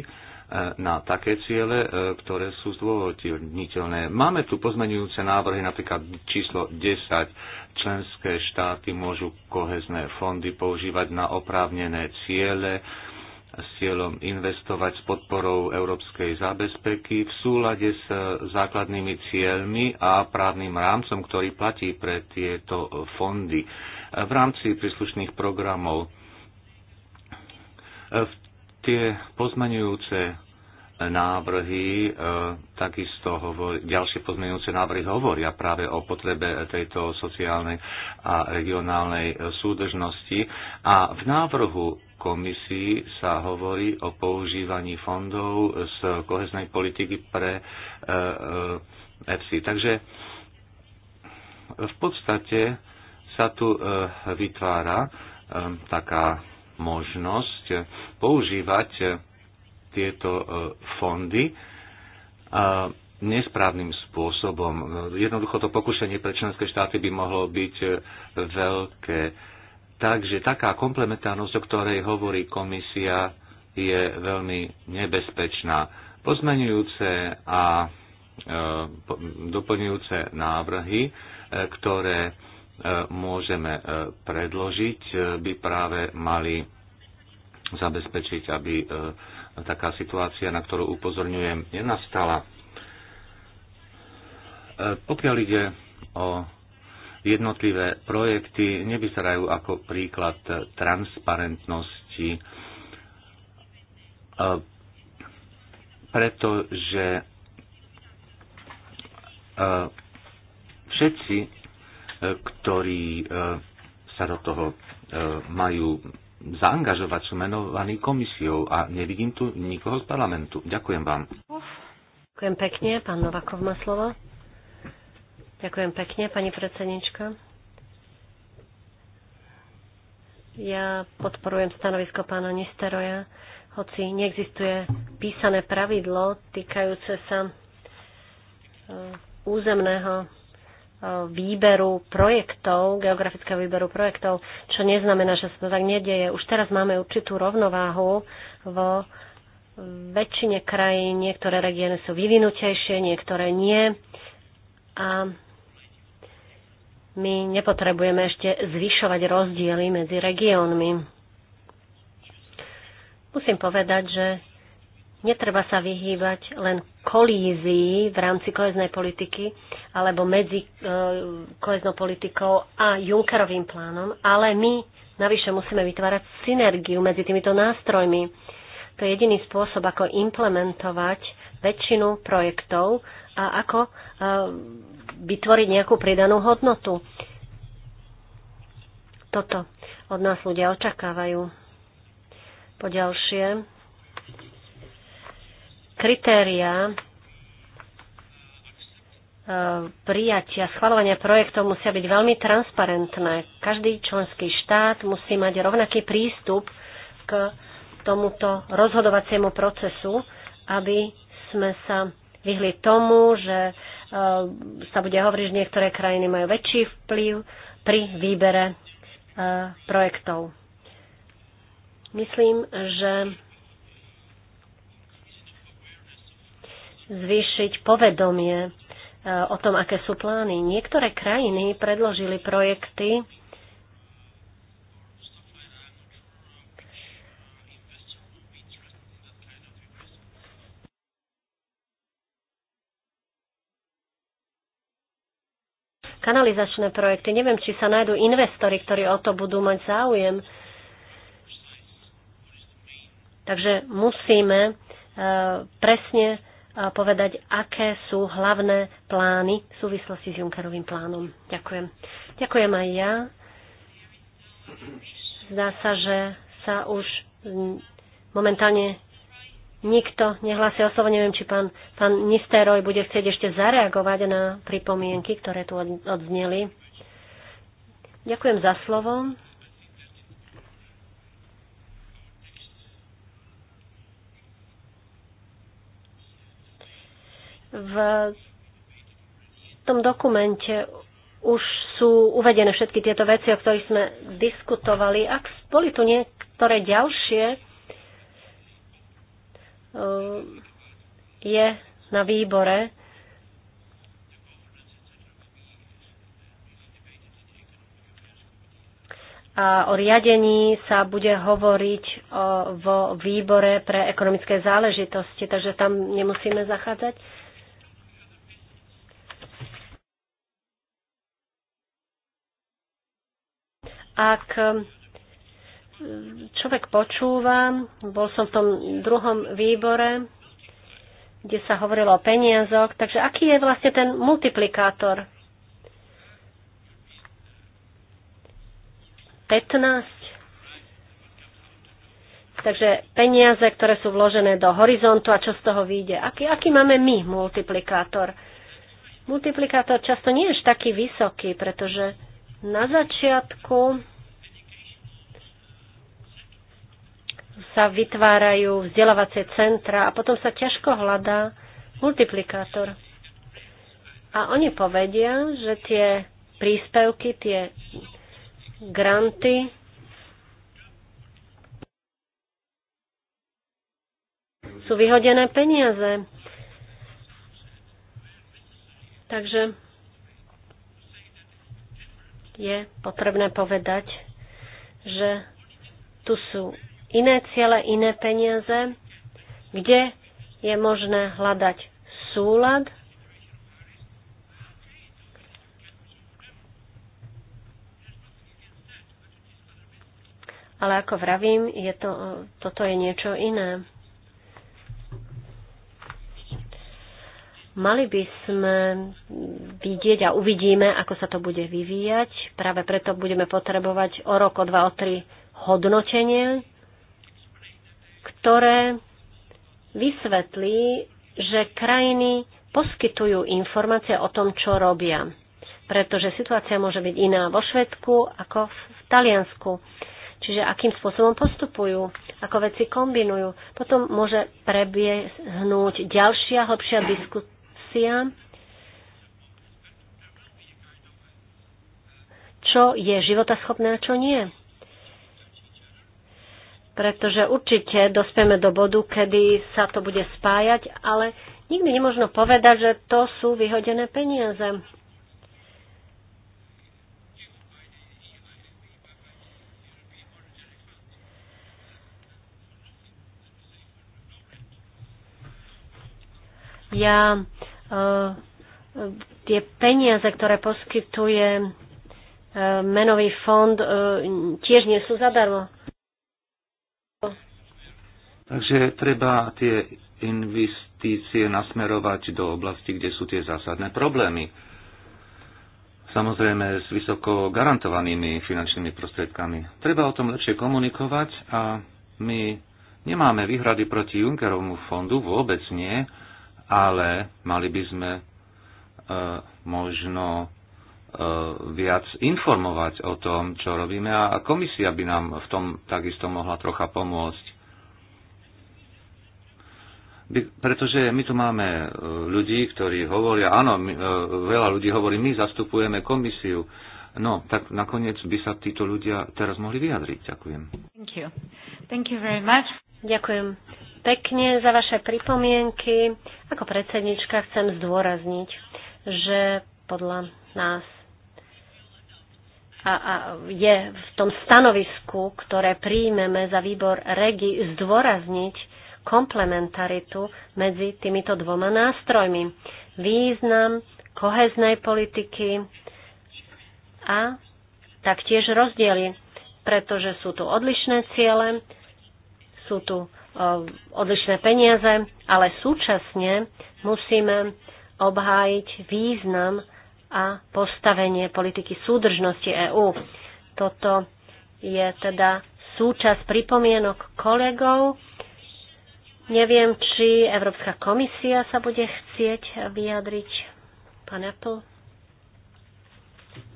na také ciele, ktoré sú zdôvodniteľné. Máme tu pozmenujúce návrhy, napríklad číslo 10. Členské štáty môžu kohezné fondy používať na oprávnené ciele, s cieľom investovať s podporou európskej zábezpeky v súlade s základnými cieľmi a právnym rámcom, ktorý platí pre tieto fondy v rámci príslušných programov. Tie pozmenujúce návrhy, e, takisto hovor, ďalšie pozmenujúce návrhy hovoria práve o potrebe tejto sociálnej a regionálnej súdržnosti. A v návrhu komisii sa hovorí o používaní fondov z koheznej politiky pre EFSI. E, Takže v podstate sa tu e, vytvára e, taká možnosť používať tieto fondy nesprávnym spôsobom. Jednoducho to pokušenie pre členské štáty by mohlo byť veľké Takže taká komplementárnosť, o ktorej hovorí komisia, je veľmi nebezpečná. Pozmenujúce a e, doplňujúce návrhy, e, ktoré e, môžeme predložiť, by práve mali zabezpečiť, aby taká situácia, na ktorú upozorňujem, nenastala. Pokiaľ ide o Jednotlivé projekty nevyzerajú ako príklad transparentnosti, e, pretože e, všetci, e, ktorí sa do toho majú zaangažovať, sú menovaní komisiou a nevidím tu nikoho z parlamentu. Ďakujem vám. Ďakujem pekne. Pán Novakov má slovo. Ďakujem pekne, pani predsednička. Ja podporujem stanovisko pána Nisteroja, hoci neexistuje písané pravidlo týkajúce sa e, územného e, výberu projektov, geografického výberu projektov, čo neznamená, že sa to tak nedieje. Už teraz máme určitú rovnováhu vo väčšine krajín. Niektoré regióny sú vyvinutejšie, niektoré nie. A my nepotrebujeme ešte zvyšovať rozdiely medzi regiónmi. Musím povedať, že netreba sa vyhýbať len kolízii v rámci koheznej politiky alebo medzi e, koheznou politikou a Junckerovým plánom, ale my navyše musíme vytvárať synergiu medzi týmito nástrojmi. To je jediný spôsob, ako implementovať väčšinu projektov a ako e, vytvoriť nejakú pridanú hodnotu. Toto od nás ľudia očakávajú. Po ďalšie, kritéria e, prijatia, schvalovania projektov musia byť veľmi transparentné. Každý členský štát musí mať rovnaký prístup k tomuto rozhodovaciemu procesu, aby sme sa vyhli tomu, že Eh, sa bude hovoriť, že niektoré krajiny majú väčší vplyv pri výbere eh, projektov. Myslím, že zvýšiť povedomie eh, o tom, aké sú plány. Niektoré krajiny predložili projekty, kanalizačné projekty. Neviem, či sa nájdú investori, ktorí o to budú mať záujem. Takže musíme e, presne e, povedať, aké sú hlavné plány v súvislosti s Junckerovým plánom. Ďakujem. Ďakujem aj ja. Zdá sa, že sa už momentálne nikto nehlási slovo. Neviem, či pán, pán Nisteroj bude chcieť ešte zareagovať na pripomienky, ktoré tu odzneli. Ďakujem za slovo. V tom dokumente už sú uvedené všetky tieto veci, o ktorých sme diskutovali. Ak boli tu niektoré ďalšie, Ehm, je na výbore. A o riadení sa bude hovoriť o, e, vo výbore pre ekonomické záležitosti, takže tam nemusíme zachádzať. Ak človek počúva, bol som v tom druhom výbore, kde sa hovorilo o peniazoch, takže aký je vlastne ten multiplikátor? 15. Takže peniaze, ktoré sú vložené do horizontu a čo z toho vyjde. Aký, aký máme my multiplikátor? Multiplikátor často nie je taký vysoký, pretože na začiatku sa vytvárajú vzdelávacie centra a potom sa ťažko hľadá multiplikátor. A oni povedia, že tie príspevky, tie granty sú vyhodené peniaze. Takže je potrebné povedať, že tu sú iné ciele, iné peniaze, kde je možné hľadať súlad Ale ako vravím, je to, toto je niečo iné. Mali by sme vidieť a uvidíme, ako sa to bude vyvíjať. Práve preto budeme potrebovať o rok, o dva, o tri hodnotenie ktoré vysvetlí, že krajiny poskytujú informácie o tom, čo robia. Pretože situácia môže byť iná vo Švedsku ako v Taliansku. Čiže akým spôsobom postupujú, ako veci kombinujú. Potom môže prebiehnúť ďalšia, hlbšia diskusia, čo je životaschopné a čo nie pretože určite dospieme do bodu, kedy sa to bude spájať, ale nikdy nemôžno povedať, že to sú vyhodené peniaze. Ja uh, tie peniaze, ktoré poskytuje uh, menový fond, uh, tiež nie sú zadarmo. Takže treba tie investície nasmerovať do oblasti, kde sú tie zásadné problémy. Samozrejme s vysoko garantovanými finančnými prostriedkami. Treba o tom lepšie komunikovať a my nemáme výhrady proti Junckerovmu fondu, vôbec nie, ale mali by sme e, možno e, viac informovať o tom, čo robíme a komisia by nám v tom takisto mohla trocha pomôcť. Pretože my tu máme e, ľudí, ktorí hovoria, áno, my, e, veľa ľudí hovorí, my zastupujeme komisiu. No, tak nakoniec by sa títo ľudia teraz mohli vyjadriť. Ďakujem. Thank you. Thank you very much. Ďakujem pekne za vaše pripomienky. Ako predsednička chcem zdôrazniť, že podľa nás a, a je v tom stanovisku, ktoré príjmeme za výbor REGI, zdôrazniť, komplementaritu medzi týmito dvoma nástrojmi. Význam koheznej politiky a taktiež rozdiely, pretože sú tu odlišné ciele, sú tu e, odlišné peniaze, ale súčasne musíme obhájiť význam a postavenie politiky súdržnosti EÚ. Toto je teda súčasť pripomienok kolegov Neviem, či Európska komisia sa bude chcieť vyjadriť. Pán Apple.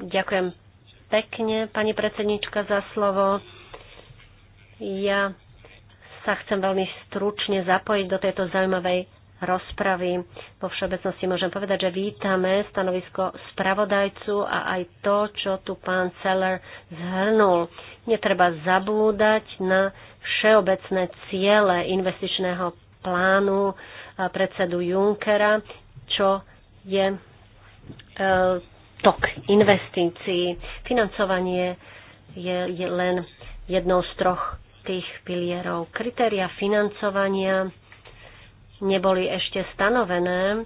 Ďakujem pekne, pani predsednička, za slovo. Ja sa chcem veľmi stručne zapojiť do tejto zaujímavej rozpravy. Vo všeobecnosti môžem povedať, že vítame stanovisko spravodajcu a aj to, čo tu pán Seller zhrnul. Netreba zabúdať na všeobecné ciele investičného plánu e, predsedu Junckera, čo je e, tok investícií. Financovanie je, je len jednou z troch tých pilierov. Kritéria financovania neboli ešte stanovené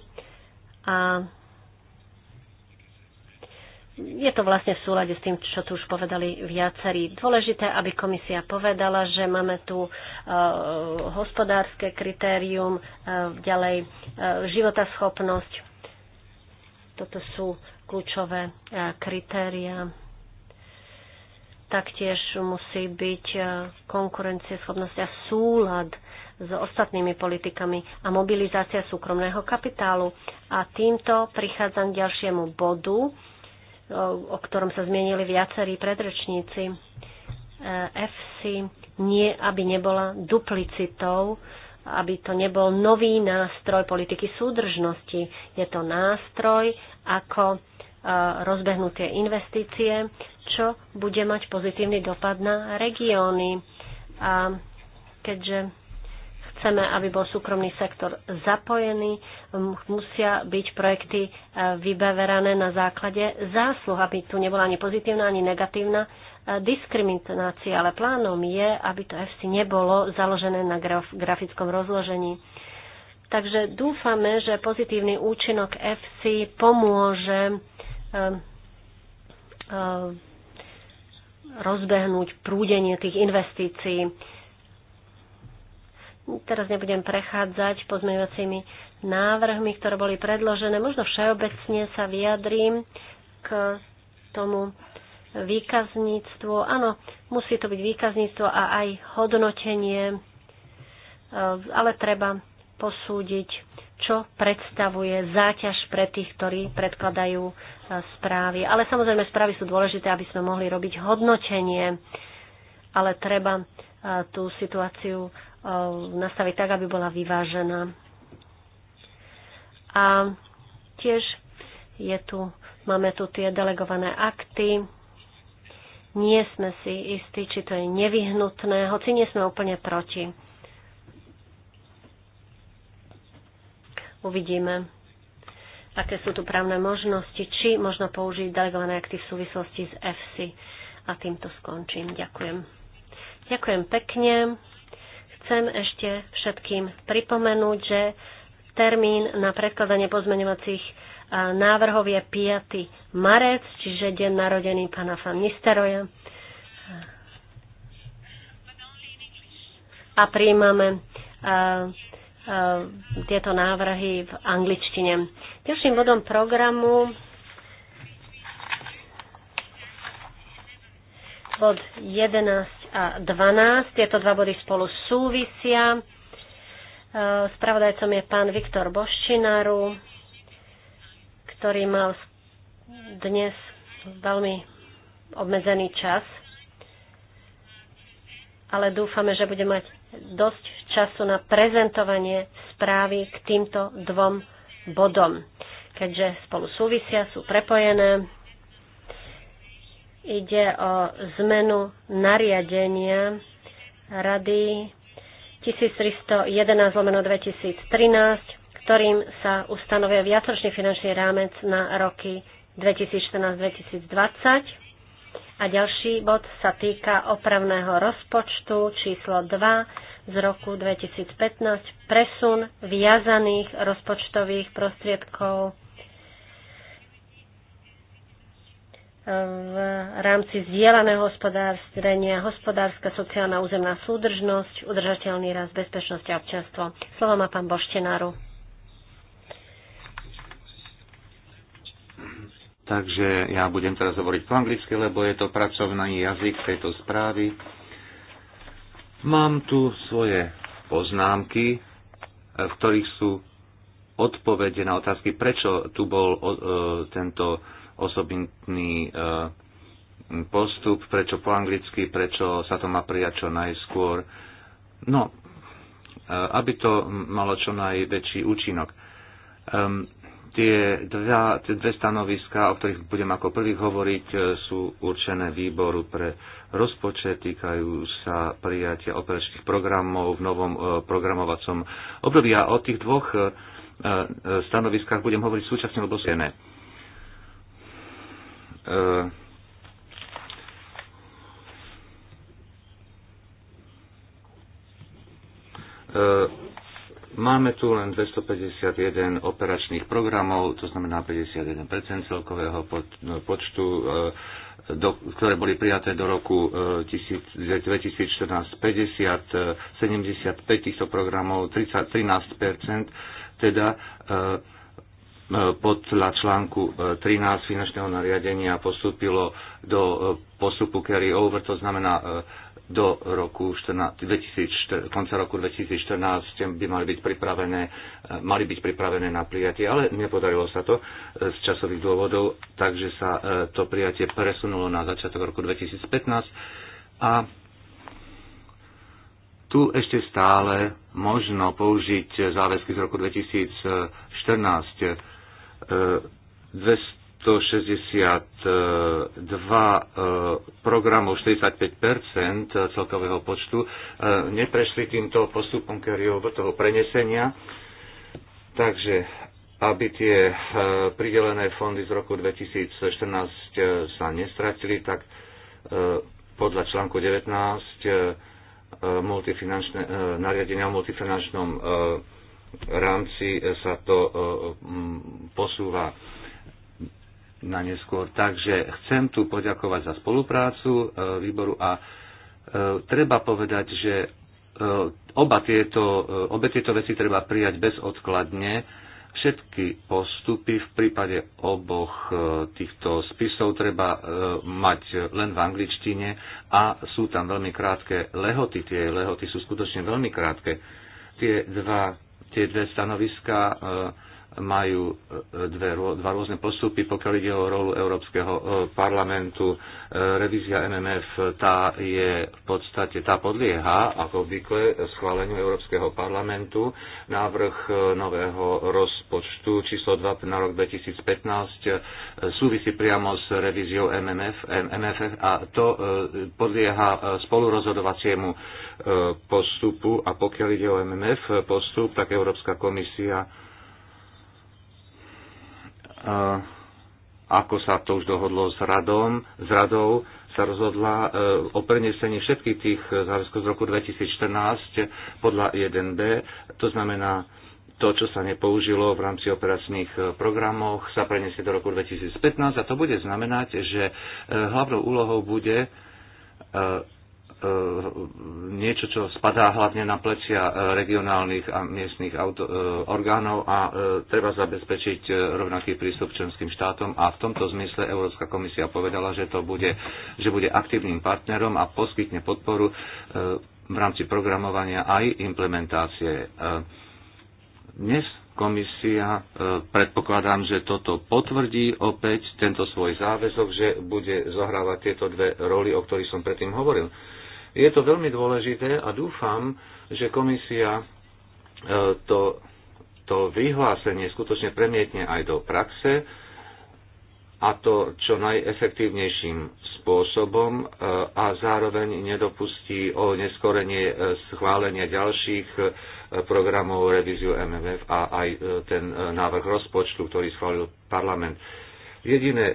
a je to vlastne v súlade s tým, čo tu už povedali viacerí. Dôležité, aby komisia povedala, že máme tu uh, hospodárske kritérium, uh, ďalej uh, životaschopnosť. Toto sú kľúčové uh, kritéria. Taktiež musí byť uh, konkurencieschopnosť a súlad s ostatnými politikami a mobilizácia súkromného kapitálu. A týmto prichádzam k ďalšiemu bodu o ktorom sa zmienili viacerí predrečníci. E, FC nie, aby nebola duplicitou, aby to nebol nový nástroj politiky súdržnosti. Je to nástroj, ako e, rozbehnutie investície, čo bude mať pozitívny dopad na regióny. A keďže chceme, aby bol súkromný sektor zapojený, musia byť projekty e, vybeverané na základe zásluh, aby tu nebola ani pozitívna, ani negatívna e, diskriminácia, ale plánom je, aby to FC nebolo založené na graf- grafickom rozložení. Takže dúfame, že pozitívny účinok FC pomôže e, rozbehnúť prúdenie tých investícií. Teraz nebudem prechádzať pozmeňovacími návrhmi, ktoré boli predložené. Možno všeobecne sa vyjadrím k tomu výkazníctvu. Áno, musí to byť výkazníctvo a aj hodnotenie, e, ale treba posúdiť, čo predstavuje záťaž pre tých, ktorí predkladajú e, správy. Ale samozrejme, správy sú dôležité, aby sme mohli robiť hodnotenie, ale treba e, tú situáciu Eh, nastaviť tak, aby bola vyvážená. A tiež je tu, máme tu tie delegované akty. Nie sme si istí, či to je nevyhnutné, hoci nie sme úplne proti. Uvidíme, aké sú tu právne možnosti, či možno použiť delegované akty v súvislosti s FC. A týmto skončím. Ďakujem. Ďakujem pekne. Chcem ešte všetkým pripomenúť, že termín na predkladanie pozmeňovacích e, návrhov je 5. marec, čiže deň narodený pána Fan Nisteroja. A príjmame e, e, tieto návrhy v angličtine. Ďalším bodom programu bod 11 a 12. Tieto dva body spolu súvisia. E, spravodajcom je pán Viktor Boščinaru, ktorý mal dnes veľmi obmedzený čas, ale dúfame, že bude mať dosť času na prezentovanie správy k týmto dvom bodom, keďže spolu súvisia, sú prepojené. Ide o zmenu nariadenia Rady 1311 2013, ktorým sa ustanovia viacročný finančný rámec na roky 2014-2020. A ďalší bod sa týka opravného rozpočtu číslo 2 z roku 2015, presun viazaných rozpočtových prostriedkov v rámci zdieľaného hospodárstvenia, hospodárska, sociálna, územná súdržnosť, udržateľný rast, bezpečnosť a občanstvo. Slovo má pán Boštenáru. Takže ja budem teraz hovoriť po anglicky, lebo je to pracovný jazyk tejto správy. Mám tu svoje poznámky, v ktorých sú odpovede na otázky, prečo tu bol e, tento osobitný eh, postup, prečo po anglicky, prečo sa to má prijať čo najskôr. No, eh, aby to malo čo najväčší účinok. E, tie, dva, tie dve stanoviská, o ktorých budem ako prvý hovoriť, eh, sú určené výboru pre rozpočet, týkajú sa prijatia operačných programov v novom programovacom období. A o tých dvoch stanoviskách budem hovoriť súčasne, lebo sú ne. E, e, máme tu len 251 operačných programov, to znamená 51 celkového no, počtu, e, do, ktoré boli prijaté do roku 2014 50, 75 týchto programov, 30, 13 teda podľa článku 13 e, finančného nariadenia postúpilo do e, postupu carry over, to znamená e, do roku 14, 2004, konca roku 2014 by mali byť pripravené, mali byť pripravené na prijatie, ale nepodarilo sa to z časových dôvodov, takže sa to prijatie presunulo na začiatok roku 2015 a tu ešte stále možno použiť záväzky z roku 2014 262 eh, programov 45 eh, celkového počtu eh, neprešli týmto postupom toho prenesenia. Takže aby tie pridelené fondy z roku 2014 sa nestratili, tak podľa článku 19 multifinančné, nariadenia o multifinančnom rámci sa to e, posúva na neskôr. Takže chcem tu poďakovať za spoluprácu e, výboru a e, treba povedať, že oba tieto, obe tieto veci treba prijať bezodkladne. Všetky postupy v prípade oboch týchto spisov treba mať len v angličtine a sú tam veľmi krátke lehoty. Tie lehoty sú skutočne veľmi krátke. Tie dva tie dve stanoviska majú e, dve, dva rôzne postupy, pokiaľ ide o rolu Európskeho e, parlamentu. E, revízia MMF tá je v podstate, tá podlieha ako obvykle schváleniu Európskeho parlamentu. Návrh nového rozpočtu číslo 2 na rok 2015 súvisí priamo s revíziou MMF, MMF a to podlieha spolurozhodovaciemu postupu a pokiaľ ide o MMF postup, tak Európska komisia ako sa to už dohodlo s, radom, s radou, sa rozhodla e, o prenesení všetkých tých záväzkov z roku 2014 podľa 1B. To znamená, to, čo sa nepoužilo v rámci operačných e, programoch, sa preniesie do roku 2015 a to bude znamenať, že e, hlavnou úlohou bude E, niečo, čo spadá hlavne na plecia e, regionálnych a miestnych auto, e, orgánov a treba zabezpečiť rovnaký prístup členským štátom a v tomto zmysle Európska komisia povedala, že to bude, že bude aktívnym partnerom a poskytne podporu v rámci programovania aj implementácie. Dnes komisia, predpokladám, že toto potvrdí opäť tento svoj záväzok, že bude zohrávať tieto dve roly, o ktorých som predtým hovoril je to veľmi dôležité a dúfam, že komisia e, to, to vyhlásenie skutočne premietne aj do praxe a to čo najefektívnejším spôsobom e, a zároveň nedopustí o neskorenie e, schválenia ďalších programov revíziu MMF a aj ten návrh rozpočtu, ktorý schválil parlament. Jediné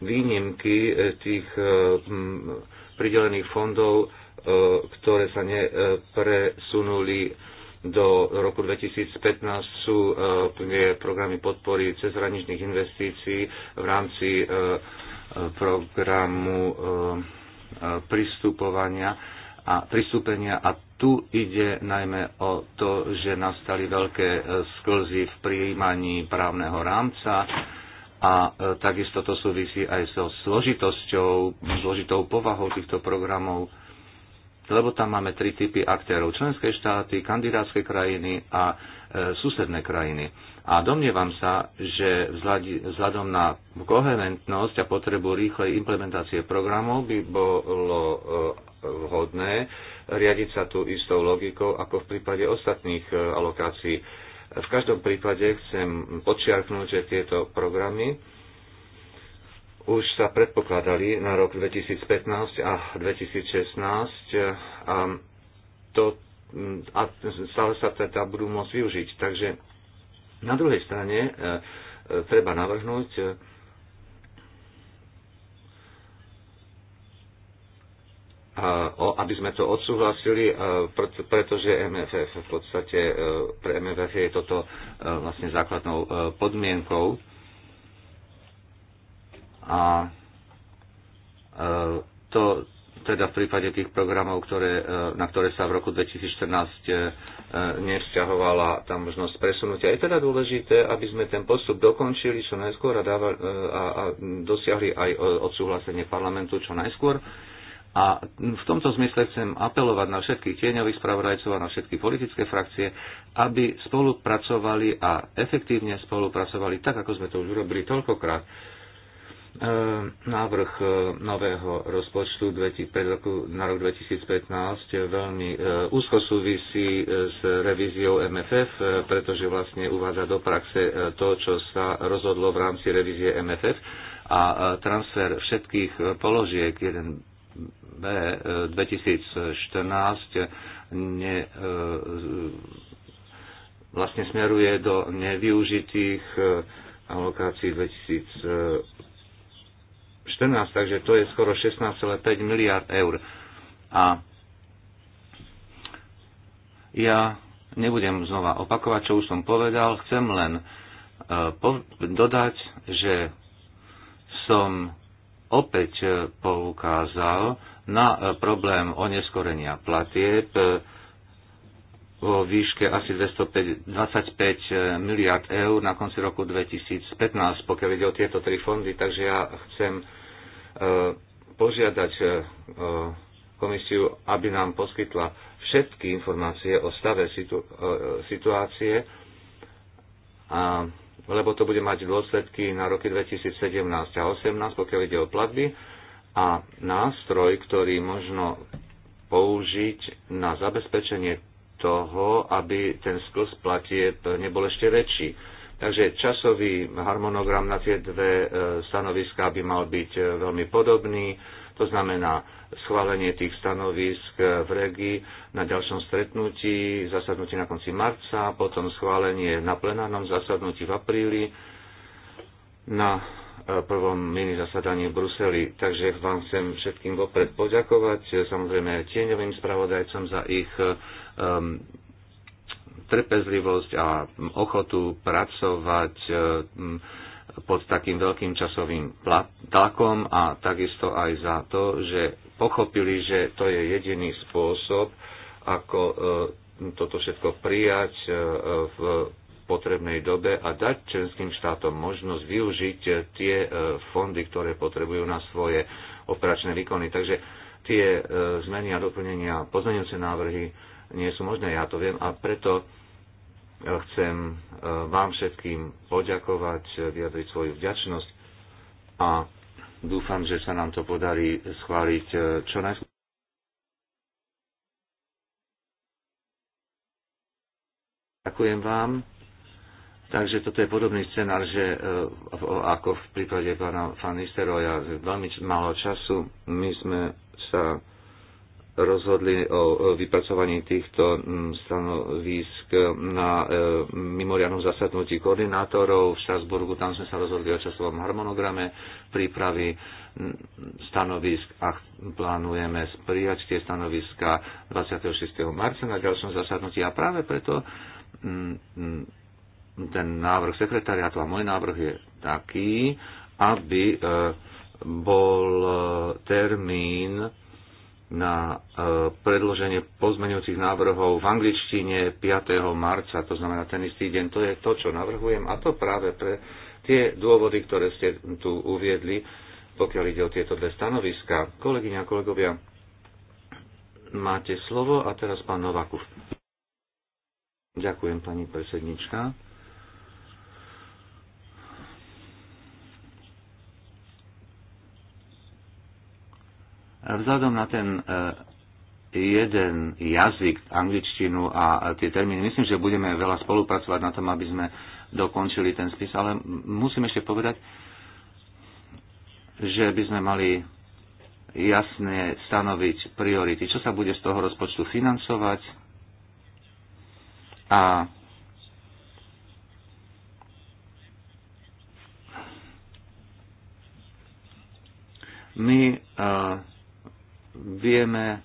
výnimky tých pridelených fondov E, ktoré sa nepresunuli e, do roku 2015 sú e, programy podpory cezhraničných investícií v rámci programu pristupovania a pristúpenia a tu ide najmä o to, že nastali veľké sklzy v prijímaní právneho rámca a takisto to súvisí aj so složitosťou, zložitou povahou týchto programov lebo tam máme tri typy aktérov. Členské štáty, kandidátske krajiny a e, susedné krajiny. A domnievam sa, že vzhľadom na koherentnosť a potrebu rýchlej implementácie programov by bolo e, vhodné riadiť sa tu istou logikou ako v prípade ostatných e, alokácií. V každom prípade chcem podčiarknúť, že tieto programy už sa predpokladali na rok 2015 a 2016 a, to, a stále sa teda budú môcť využiť. Takže na druhej strane e, treba navrhnúť e, aby sme to odsúhlasili, e, pretože MFF v podstate pre MFF je toto vlastne základnou podmienkou a e, to teda v prípade tých programov, ktoré, e, na ktoré sa v roku 2014 e, nevzťahovala tá možnosť presunutia. Je teda dôležité, aby sme ten postup dokončili čo najskôr a, dáva, a, a dosiahli aj odsúhlasenie parlamentu čo najskôr. A v tomto zmysle chcem apelovať na všetkých tieňových spravodajcov a na všetky politické frakcie, aby spolupracovali a efektívne spolupracovali tak, ako sme to už urobili toľkokrát E, návrh e, nového rozpočtu na rok 2015 veľmi e, úzko súvisí s revíziou MFF, pretože vlastne uvádza do praxe to, čo sa rozhodlo v rámci revízie MFF a transfer všetkých položiek 1B 2014 ne, vlastne smeruje do nevyužitých alokácií 2014 14, takže to je skoro 16,5 miliard eur. A ja nebudem znova opakovať, čo už som povedal, chcem len e, dodať, že som opäť e, poukázal na e, problém oneskorenia platieb vo výške asi 225 miliard eur na konci roku 2015, pokiaľ ide o tieto tri fondy. Takže ja chcem požiadať e, e, komisiu, aby nám poskytla všetky informácie o stave situ- e, situácie, a, lebo to bude mať dôsledky na roky 2017 a 2018, pokiaľ ide o platby. A nástroj, ktorý možno použiť na zabezpečenie toho, aby ten sklz platie nebol ešte väčší Takže časový harmonogram na tie dve e, stanoviská by mal byť e, veľmi podobný. To znamená schválenie tých stanovisk e, v regi na ďalšom stretnutí, zasadnutí na konci marca, potom schválenie na plenárnom zasadnutí v apríli na prvom mini zasadaní v Bruseli. Takže vám chcem všetkým vopred poďakovať, samozrejme tieňovým spravodajcom za ich um, trpezlivosť a ochotu pracovať e, pod takým veľkým časovým tlakom a takisto aj za to, že pochopili, že to je jediný spôsob, ako e, toto všetko prijať e, v potrebnej dobe a dať členským štátom možnosť využiť tie fondy, ktoré potrebujú na svoje operačné výkony. Takže tie zmeny a doplnenia, pozmeňujúce návrhy nie sú možné, ja to viem, a preto Chcem e, vám všetkým poďakovať, e, vyjadriť svoju vďačnosť a dúfam, že sa nám to podarí schváliť e, čo najskôr. Ďakujem vám. Takže toto je podobný scenár, že ako v prípade pána Fanisteroja, veľmi málo času, my sme sa rozhodli o vypracovaní týchto stanovísk na e, mimoriadnom zasadnutí koordinátorov v Štrasburgu. Tam sme sa rozhodli o časovom harmonograme prípravy stanovisk a plánujeme prijať tie stanoviska 26. marca na ďalšom zasadnutí. A práve preto ten návrh sekretariátu a môj návrh je taký, aby e, bol e, termín na e, predloženie pozmeňujúcich návrhov v angličtine 5. marca, to znamená ten istý deň. To je to, čo navrhujem a to práve pre tie dôvody, ktoré ste tu uviedli, pokiaľ ide o tieto dve stanoviska. Kolegyňa a kolegovia, máte slovo a teraz pán Novakov. Ďakujem, pani predsednička. Vzhľadom na ten e, jeden jazyk, angličtinu a tie termíny, myslím, že budeme veľa spolupracovať na tom, aby sme dokončili ten spis, ale musím ešte povedať, že by sme mali jasne stanoviť priority, čo sa bude z toho rozpočtu financovať a my uh, Vieme,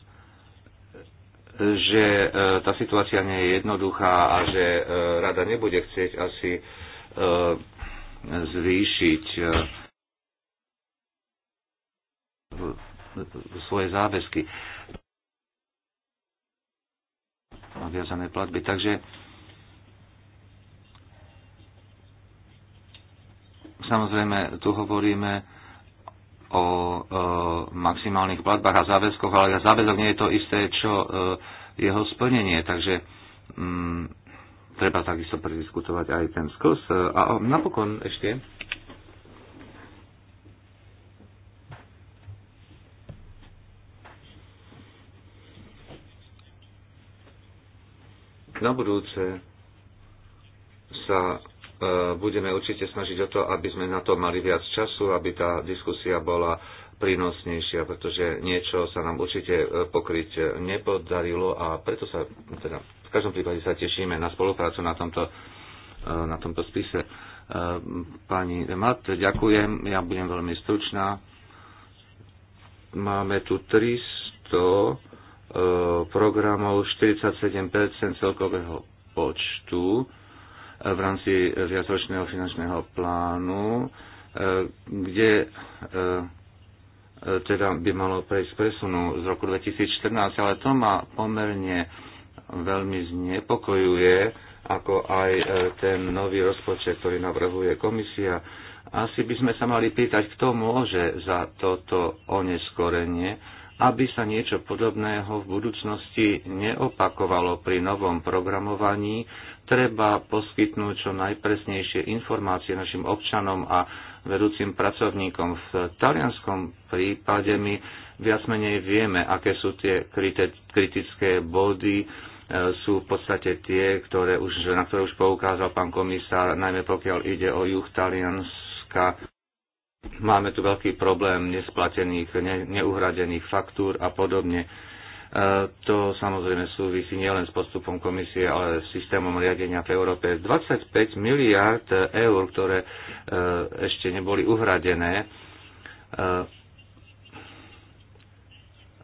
že e, tá situácia nie je jednoduchá a že e, rada nebude chcieť asi e, zvýšiť svoje záväzky a viazané platby. Takže samozrejme tu hovoríme o maximálnych platbách a záväzkoch, ale záväzok nie je to isté, čo e, jeho splnenie. Takže m, mm, treba takisto prediskutovať aj ten skos. E, a napokon ešte na budúce sa E, budeme určite snažiť o to, aby sme na to mali viac času, aby tá diskusia bola prínosnejšia, pretože niečo sa nám určite e, pokryť nepodarilo a preto sa teda v každom prípade sa tešíme na spoluprácu na tomto, e, na tomto spise. Pani Mat, ďakujem, ja budem veľmi stručná. Máme tu 300 programov, 47% celkového počtu v rámci viacročného finančného plánu, e, kde e, teda by malo prejsť presunu z roku 2014, ale to ma pomerne veľmi znepokojuje, ako aj e, ten nový rozpočet, ktorý navrhuje komisia. Asi by sme sa mali pýtať, kto môže za toto oneskorenie, aby sa niečo podobného v budúcnosti neopakovalo pri novom programovaní, treba poskytnúť čo najpresnejšie informácie našim občanom a vedúcim pracovníkom. V talianskom prípade my viac menej vieme, aké sú tie kritické body, e, sú v podstate tie, ktoré už, na ktoré už poukázal pán komisár, najmä pokiaľ ide o juh Talianska. Máme tu veľký problém nesplatených, neuhradených faktúr a podobne to samozrejme súvisí nielen s postupom komisie, ale s systémom riadenia v Európe. 25 miliard eur, ktoré e, ešte neboli uhradené. E,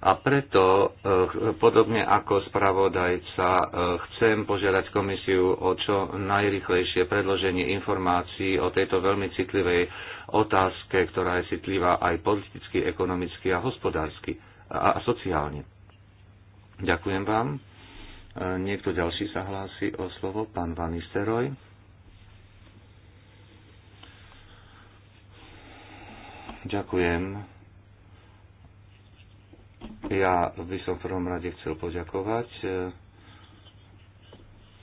a preto, e, podobne ako spravodajca, chcem požiadať komisiu o čo najrychlejšie predloženie informácií o tejto veľmi citlivej otázke, ktorá je citlivá aj politicky, ekonomicky a hospodársky a sociálne. Ďakujem vám. E, niekto ďalší sa hlási o slovo? Pán Van Isteroj. Ďakujem. Ja by som v prvom rade chcel poďakovať e,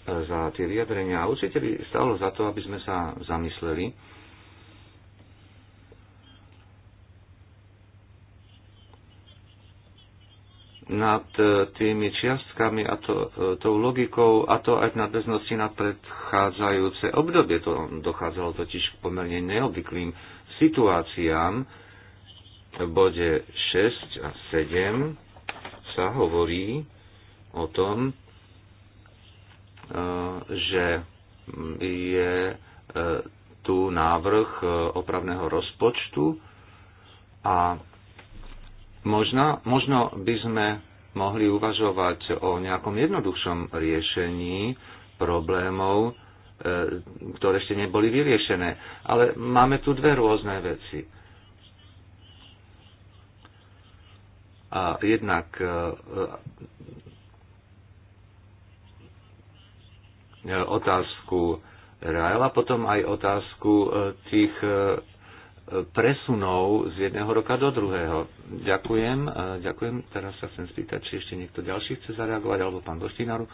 za tie vyjadrenia. Určite by stalo za to, aby sme sa zamysleli nad e, tými čiastkami a to, e, tou logikou, a to aj v nadväznosti na predchádzajúce obdobie. To dochádzalo totiž k pomerne neobvyklým situáciám. V bode 6 a 7 sa hovorí o tom, e, že je tu návrh opravného rozpočtu a Možno, možno by sme mohli uvažovať o nejakom jednoduchšom riešení problémov, e, ktoré ešte neboli vyriešené. Ale máme tu dve rôzne veci. A jednak e, e, otázku Raela, potom aj otázku tých presunov z jedného roka do druhého. Ďakujem. E, ďakujem. Teraz sa chcem spýtať, či ešte niekto ďalší chce zareagovať, alebo pán Doštinaru. E,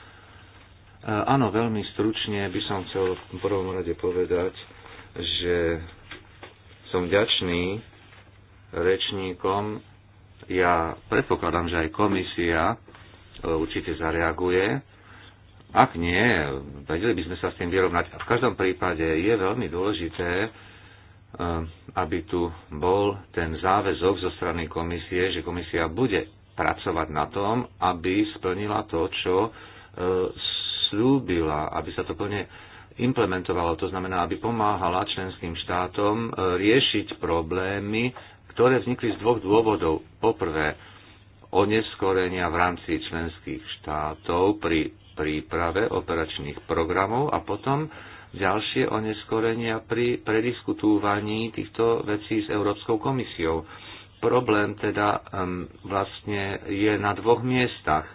áno, veľmi stručne by som chcel v prvom rade povedať, že som vďačný rečníkom. Ja predpokladám, že aj komisia e, určite zareaguje. Ak nie, vedeli by sme sa s tým vyrovnať. A v každom prípade je veľmi dôležité, aby tu bol ten záväzok zo strany komisie, že komisia bude pracovať na tom, aby splnila to, čo e, slúbila, aby sa to plne implementovalo. To znamená, aby pomáhala členským štátom e, riešiť problémy, ktoré vznikli z dvoch dôvodov. Poprvé, oneskorenia v rámci členských štátov pri príprave operačných programov a potom ďalšie oneskorenia pri prediskutúvaní týchto vecí s Európskou komisiou. Problém teda um, vlastne je na dvoch miestach.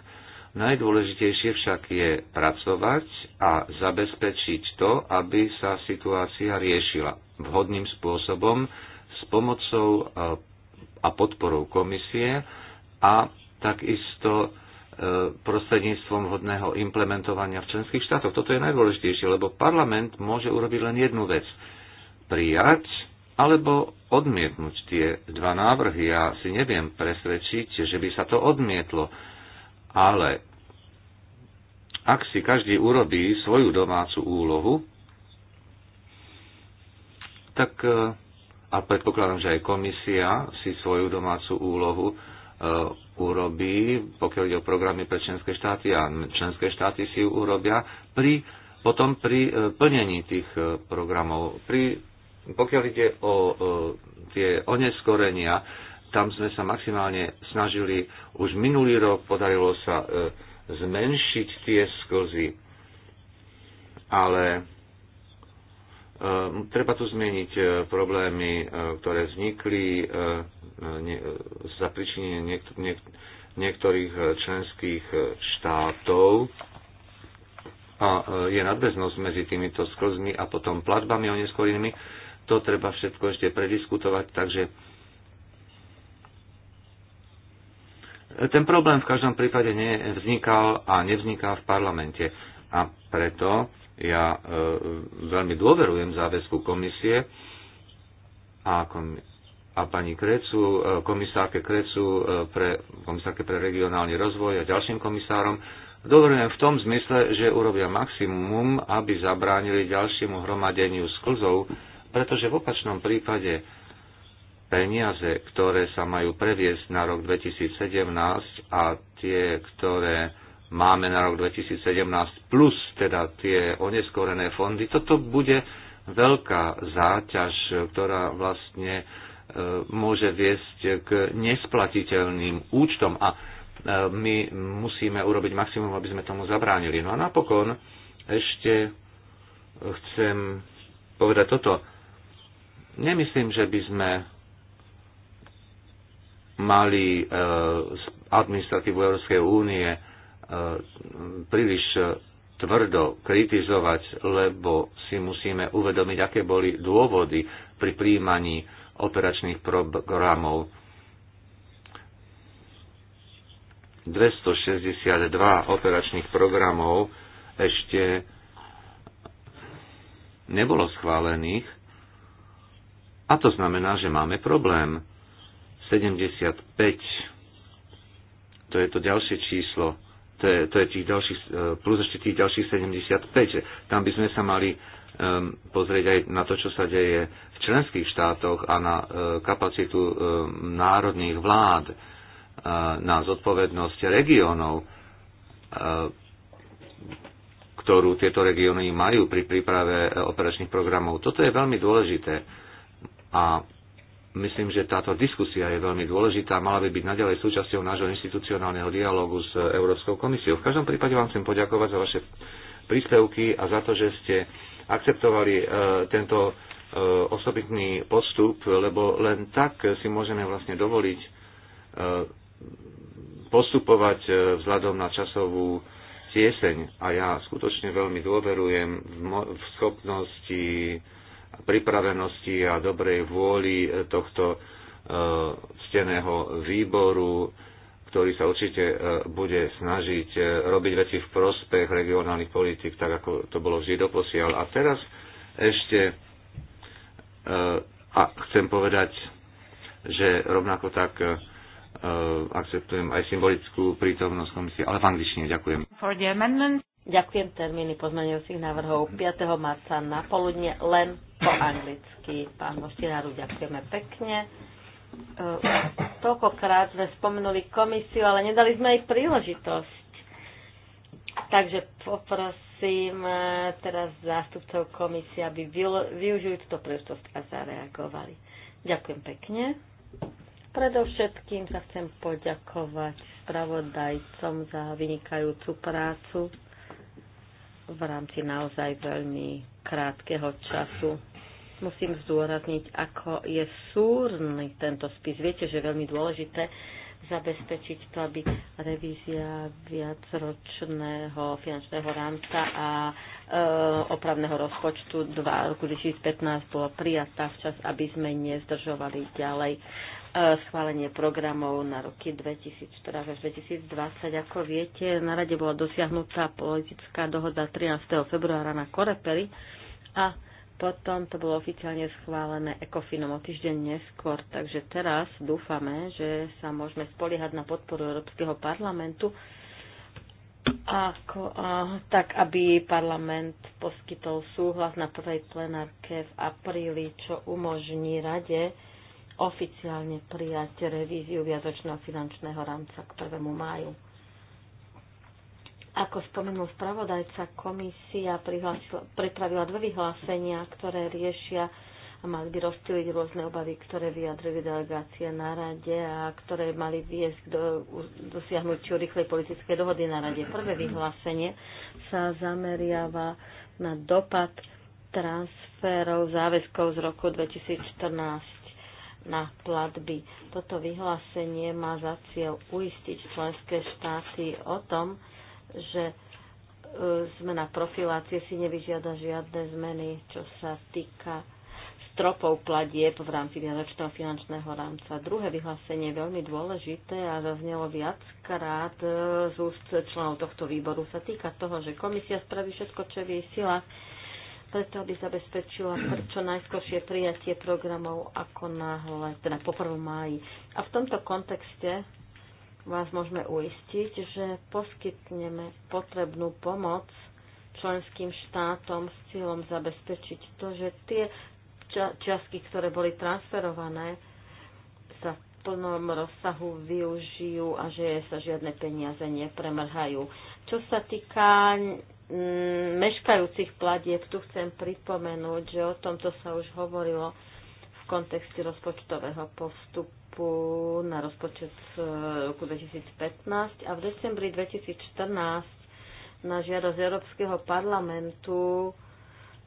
Najdôležitejšie však je pracovať a zabezpečiť to, aby sa situácia riešila vhodným spôsobom s pomocou e, a podporou komisie a takisto E, prostredníctvom hodného implementovania v členských štátoch. Toto je najdôležitejšie, lebo parlament môže urobiť len jednu vec. Prijať alebo odmietnúť tie dva návrhy. Ja si neviem presvedčiť, že by sa to odmietlo. Ale ak si každý urobí svoju domácu úlohu, tak e, a predpokladám, že aj komisia si svoju domácu úlohu Eh, urobí, pokiaľ ide o programy pre členské štáty a členské štáty si ju urobia pri, potom pri eh, plnení tých eh, programov. Pri, pokiaľ ide o tie oneskorenia, tam sme sa maximálne snažili, už minulý rok podarilo sa zmenšiť tie sklzy, ale treba tu zmeniť problémy, ktoré vznikli ne, za príčinenie niektor, niek, niektorých členských štátov a e, je nadväznosť medzi týmito sklzmi a potom platbami neskorými, To treba všetko ešte prediskutovať, takže ten problém v každom prípade nevznikal a nevzniká v parlamente. A preto ja e, veľmi dôverujem záväzku komisie a komisie a pani Krecu, e, komisárke Krecu, e, pre, komisárke pre regionálny rozvoj a ďalším komisárom, Dovolujem v tom zmysle, že urobia maximum, aby zabránili ďalšiemu hromadeniu sklzov, pretože v opačnom prípade peniaze, ktoré sa majú previesť na rok 2017 a tie, ktoré máme na rok 2017 plus teda tie oneskorené fondy, toto bude veľká záťaž, ktorá vlastne môže viesť k nesplatiteľným účtom a e, my musíme urobiť maximum, aby sme tomu zabránili. No a napokon ešte chcem povedať toto. Nemyslím, že by sme mali e, administratívu Európskej únie e, príliš tvrdo kritizovať, lebo si musíme uvedomiť, aké boli dôvody pri príjmaní operačných programov. 262 operačných programov ešte nebolo schválených a to znamená, že máme problém. 75, to je to ďalšie číslo, to je, to je tých ďalších, e, plus ešte tých ďalších 75, tam by sme sa mali Ehm, pozrieť aj na to, čo sa deje v členských štátoch a na e, kapacitu e, národných vlád, e, na zodpovednosť regiónov, ktorú tieto regióny majú pri príprave operačných programov. Toto je veľmi dôležité a myslím, že táto diskusia je veľmi dôležitá, mala by byť naďalej súčasťou nášho institucionálneho dialogu s Európskou komisiou. V každom prípade vám chcem poďakovať za vaše príspevky a za to, že ste akceptovali e, tento e, osobitný postup, lebo len tak si môžeme vlastne dovoliť e, postupovať vzhľadom na časovú tieseň. A ja skutočne veľmi dôverujem v schopnosti, pripravenosti a dobrej vôli tohto cteného výboru ktorý sa určite e, bude snažiť e, robiť veci v prospech regionálnych politik, tak ako to bolo vždy doposiaľ. A teraz ešte e, a chcem povedať, že rovnako tak akceptujem aj symbolickú prítomnosť komisie, ale v angličtine ďakujem. Ďakujem termíny pozmeňujúcich návrhov 5. marca na poludne len po anglicky. Pán Moštináru, ďakujeme pekne. Eh, toľkokrát sme spomenuli komisiu, ale nedali sme jej príležitosť. Takže poprosím eh, teraz zástupcov komisie, aby využili túto príležitosť a zareagovali. Ďakujem pekne. Predovšetkým sa chcem poďakovať spravodajcom za vynikajúcu prácu v rámci naozaj veľmi krátkeho času musím zdôrazniť, ako je súrny tento spis. Viete, že je veľmi dôležité zabezpečiť to, aby revízia viacročného finančného rámca a e, opravného rozpočtu 2 roku 2015 bola prijatá včas, aby sme nezdržovali ďalej e, schválenie programov na roky 2014 až 2020. Ako viete, na rade bola dosiahnutá politická dohoda 13. februára na Koreperi a potom to bolo oficiálne schválené ECOFINom o týždeň neskôr, takže teraz dúfame, že sa môžeme spoliehať na podporu Európskeho parlamentu, ako, a, tak aby parlament poskytol súhlas na prvej plenárke v apríli, čo umožní rade oficiálne prijať revíziu viazočného finančného rámca k 1. máju. Ako spomenul spravodajca, komisia pripravila dve vyhlásenia, ktoré riešia a mali by rozstýliť rôzne obavy, ktoré vyjadrili delegácie na rade a ktoré mali viesť do, dosiahnutiu rýchlej politickej dohody na rade. Prvé vyhlásenie sa zameriava na dopad transferov záväzkov z roku 2014 na platby. Toto vyhlásenie má za cieľ uistiť členské štáty o tom, že zmena e, profilácie si nevyžiada žiadne zmeny, čo sa týka stropov platieb v rámci vianočného finančného rámca. Druhé vyhlásenie veľmi dôležité a zaznelo viackrát e, z úst členov tohto výboru sa týka toho, že komisia spraví všetko, čo je v jej silách, preto aby zabezpečila čo najskôršie prijatie programov ako náhle, teda po 1. máji. A v tomto kontexte vás môžeme uistiť, že poskytneme potrebnú pomoc členským štátom s cieľom zabezpečiť to, že tie časky, ktoré boli transferované, sa v plnom rozsahu využijú a že sa žiadne peniaze nepremrhajú. Čo sa týka mm, meškajúcich platieb, tu chcem pripomenúť, že o tomto sa už hovorilo v kontexte rozpočtového postupu prístupu na rozpočet z eh, roku 2015 a v decembri 2014 na žiadosť Európskeho parlamentu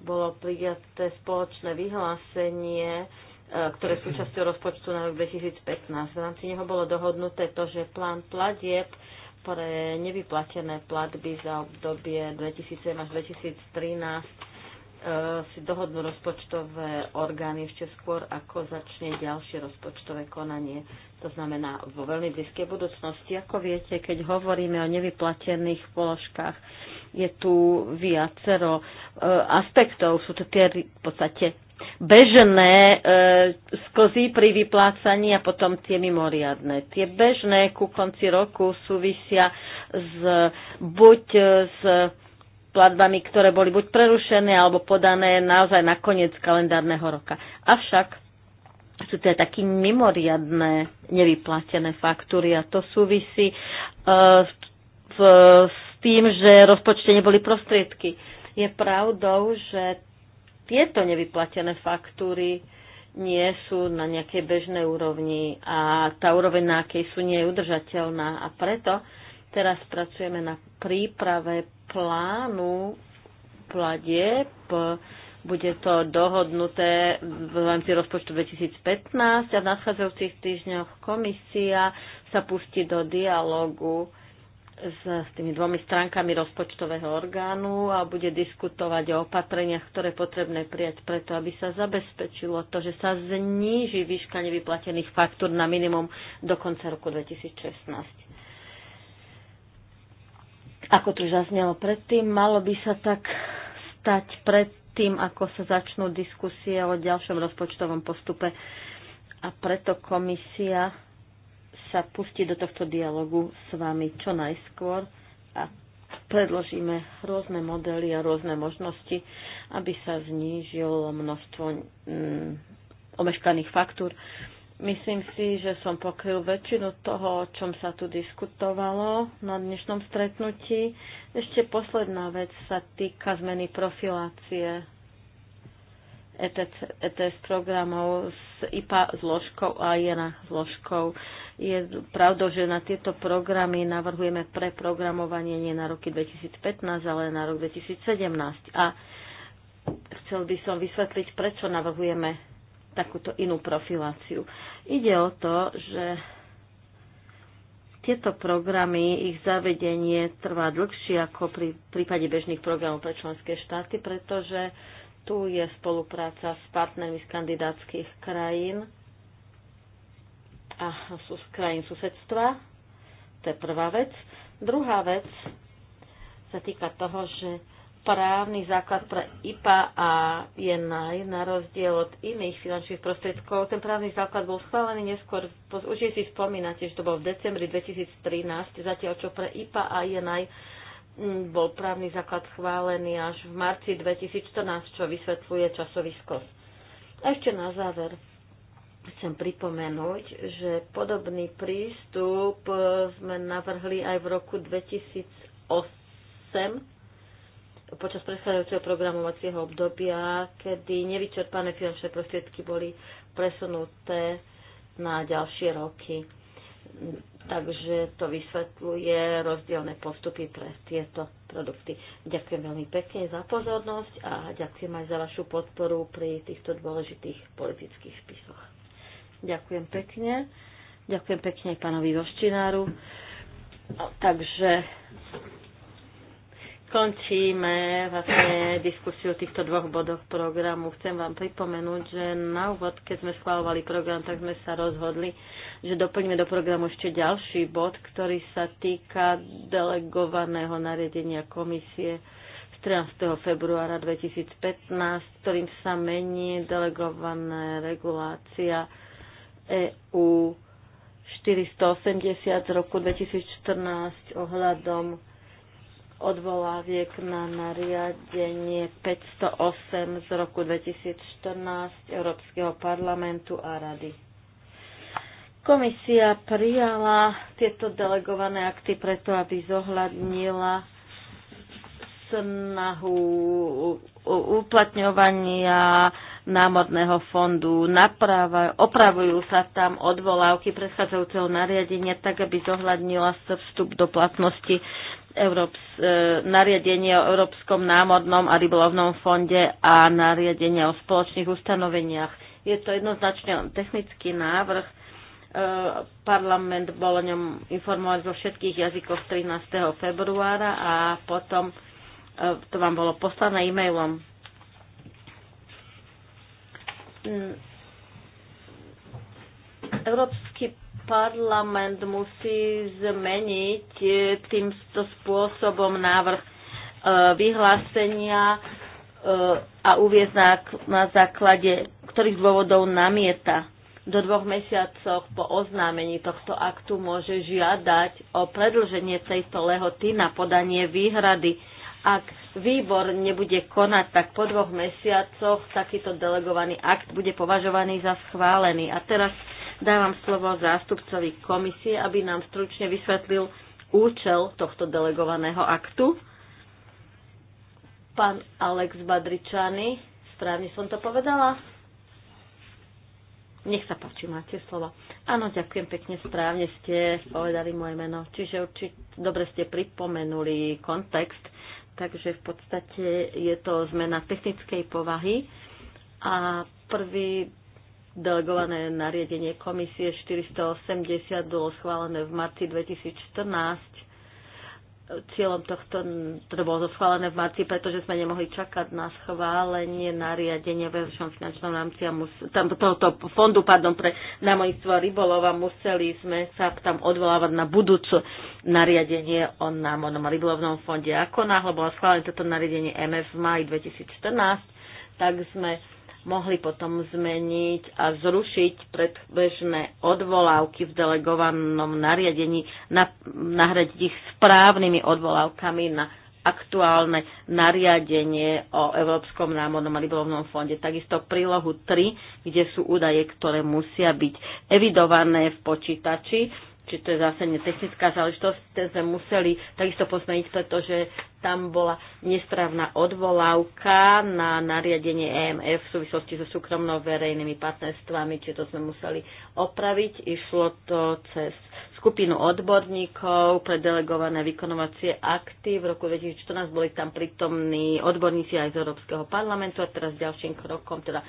bolo prijaté spoločné vyhlásenie, eh, ktoré sú súčasťou rozpočtu na rok 2015. V rámci neho bolo dohodnuté to, že plán platieb pre nevyplatené platby za obdobie 2007 až 2013 Eh, si dohodnú rozpočtové orgány ešte skôr, ako začne ďalšie rozpočtové konanie. To znamená vo veľmi blízkej budúcnosti. Ako viete, keď hovoríme o nevyplatených položkách, je tu viacero eh, aspektov. Sú to tie v podstate bežné e, sklzy pri vyplácaní a potom tie mimoriadne. Tie bežné ku konci roku súvisia s, buď s platbami, ktoré boli buď prerušené alebo podané naozaj na koniec kalendárneho roka. Avšak sú to aj také mimoriadné nevyplatené faktúry a to súvisí uh, v, s tým, že rozpočte neboli prostriedky. Je pravdou, že tieto nevyplatené faktúry nie sú na nejakej bežnej úrovni a tá úroveň, na akej sú, nie je udržateľná a preto uh, Teraz pracujeme na príprave plánu pladeb. Bude to dohodnuté v rámci rozpočtu 2015 a v nadchádzajúcich týždňoch komisia sa pustí do dialogu s, s tými dvomi stránkami rozpočtového orgánu a bude diskutovať o opatreniach, ktoré je potrebné prijať preto, aby sa zabezpečilo to, že sa zníži výška nevyplatených faktúr na minimum do konca roku 2016. Ako tu zaznelo predtým, malo by sa tak stať predtým, ako sa začnú diskusie o ďalšom rozpočtovom postupe. A preto komisia sa pustí do tohto dialogu s vami čo najskôr a predložíme rôzne modely a rôzne možnosti, aby sa znížilo množstvo mm, omeškaných faktúr Myslím si, že som pokryl väčšinu toho, o čom sa tu diskutovalo na dnešnom stretnutí. Ešte posledná vec sa týka zmeny profilácie ETS, e ETS programov s IPA zložkou a IENA zložkou. Je pravdou, že na tieto programy navrhujeme preprogramovanie nie na roky 2015, ale na rok 2017. A chcel by som vysvetliť, prečo navrhujeme takúto inú profiláciu. Ide o to, že tieto programy, ich zavedenie trvá dlhšie ako pri prípade bežných programov pre členské štáty, pretože tu je spolupráca s partnermi z kandidátskych krajín a sú z krajín susedstva. To je prvá vec. Druhá vec sa týka toho, že právny základ pre IPA a JNAJ na rozdiel od iných finančných prostriedkov. Ten právny základ bol schválený neskôr, už si spomínate, že to bol v decembri 2013, zatiaľ čo pre IPA a JNAJ mm, bol právny základ schválený až v marci 2014, čo vysvetľuje časovisko. A ešte na záver chcem pripomenúť, že podobný prístup sme navrhli aj v roku 2008 počas predchádzajúceho programovacieho obdobia, kedy nevyčerpané finančné prostriedky boli presunuté na ďalšie roky. Takže to vysvetľuje rozdielne postupy pre tieto produkty. Ďakujem veľmi pekne za pozornosť a ďakujem aj za vašu podporu pri týchto dôležitých politických spisoch. Ďakujem pekne. Ďakujem pekne aj pánovi Voščináru. Takže končíme vlastne diskusiu o týchto dvoch bodoch programu. Chcem vám pripomenúť, že na úvod, keď sme schválovali program, tak sme sa rozhodli, že doplníme do programu ešte ďalší bod, ktorý sa týka delegovaného nariadenia komisie z 13. februára 2015, ktorým sa mení delegovaná regulácia EU 480 z roku 2014 ohľadom odvoláviek na nariadenie 508 z roku 2014 Európskeho parlamentu a rady. Komisia prijala tieto delegované akty preto, aby zohľadnila snahu uplatňovania námorného fondu, naprava, opravujú sa tam odvolávky predchádzajúceho nariadenia tak, aby zohľadnila vstup do platnosti Európs, e, nariadenie o Európskom námodnom a rybolovnom fonde a nariadenie o spoločných ustanoveniach. Je to jednoznačne technický návrh. E, parlament bol o ňom informovaný zo všetkých jazykov 13. februára a potom e, to vám bolo poslané e-mailom. Európsky parlament musí zmeniť e, týmto spôsobom návrh e, vyhlásenia e, a uviezť na, na základe ktorých dôvodov namieta. Do dvoch mesiacov po oznámení tohto aktu môže žiadať o predlženie tejto lehoty na podanie výhrady. Ak výbor nebude konať, tak po dvoch mesiacoch takýto delegovaný akt bude považovaný za schválený. A teraz Dávam slovo zástupcovi komisie, aby nám stručne vysvetlil účel tohto delegovaného aktu. Pán Alex Badričany, správne som to povedala? Nech sa páči, máte slovo. Áno, ďakujem pekne, správne ste povedali moje meno. Čiže určite dobre ste pripomenuli kontext, takže v podstate je to zmena technickej povahy. A prvý Delegované nariadenie komisie 480 bolo schválené v marci 2014. Cieľom tohto, to bolo to schválené v marci, pretože sme nemohli čakať na schválenie nariadenia v Európskom finančnom rámci a mus, tam, tohoto fondu pardon, pre námojstvo rybolova museli sme sa tam odvolávať na budúcu nariadenie o námojnom rybolovnom fonde. Ako náhle bolo schválené toto nariadenie MF v maji 2014, tak sme mohli potom zmeniť a zrušiť predbežné odvolávky v delegovanom nariadení, na, nahradiť ich správnymi odvolávkami na aktuálne nariadenie o Európskom námornom a rybolovnom fonde. Takisto prílohu 3, kde sú údaje, ktoré musia byť evidované v počítači či to je zase technická záležitosť, ten sme museli takisto pozmeniť, pretože tam bola nesprávna odvolávka na nariadenie EMF v súvislosti so súkromno-verejnými partnerstvami, či to sme museli opraviť. Išlo to cez skupinu odborníkov pre delegované vykonovacie akty. V roku 2014 boli tam prítomní odborníci aj z Európskeho parlamentu a teraz ďalším krokom, teda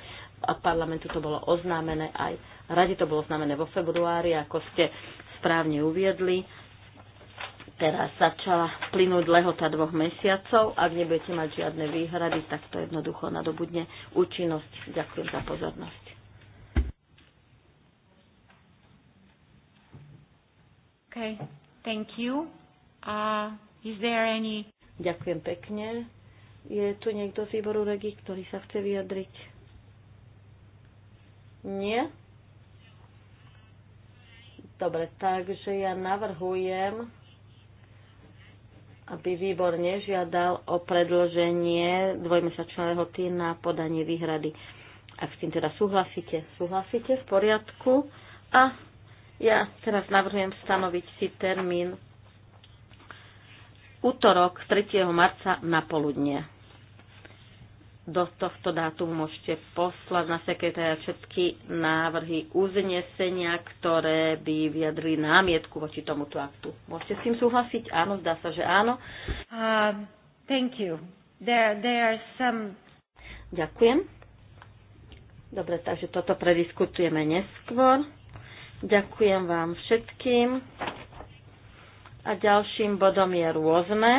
parlamentu to bolo oznámené aj rade to bolo oznámené vo februári, ako ste správne uviedli, teraz začala plynúť lehota dvoch mesiacov. Ak nebudete mať žiadne výhrady, tak to jednoducho nadobudne účinnosť. Ďakujem za pozornosť. Okay, thank you. Uh, is there any... Ďakujem pekne. Je tu niekto z výboru regi, ktorý sa chce vyjadriť? Nie? Dobre, takže ja navrhujem, aby výbor nežiadal o predloženie dvojmesačného tý na podanie výhrady. Ak s tým teda súhlasíte, súhlasíte v poriadku. A ja teraz navrhujem stanoviť si termín útorok 3. marca na poludne do tohto dátumu môžete poslať na sekretária všetky návrhy uznesenia, ktoré by vyjadrili námietku voči tomuto aktu. Môžete s tým súhlasiť? Áno, zdá sa, že áno. Uh, thank you. There, there are some... Ďakujem. Dobre, takže toto prediskutujeme neskôr. Ďakujem vám všetkým. A ďalším bodom je rôzne.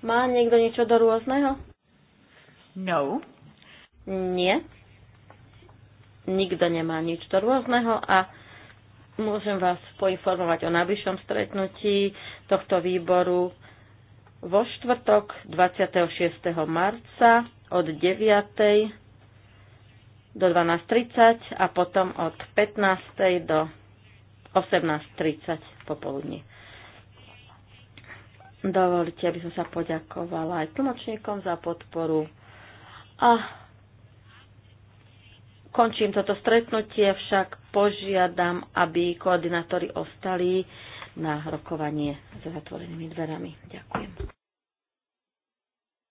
Má niekto niečo do rôzneho? No. Nie. Nikto nemá nič to rôzneho a môžem vás poinformovať o najbližšom stretnutí tohto výboru vo štvrtok 26. marca od 9. do 12.30 a potom od 15. do 18.30 popoludní. Dovolite, aby som sa poďakovala aj tlmočníkom za podporu a končím toto stretnutie, však požiadam, aby koordinátori ostali na rokovanie za zatvorenými dverami. Ďakujem.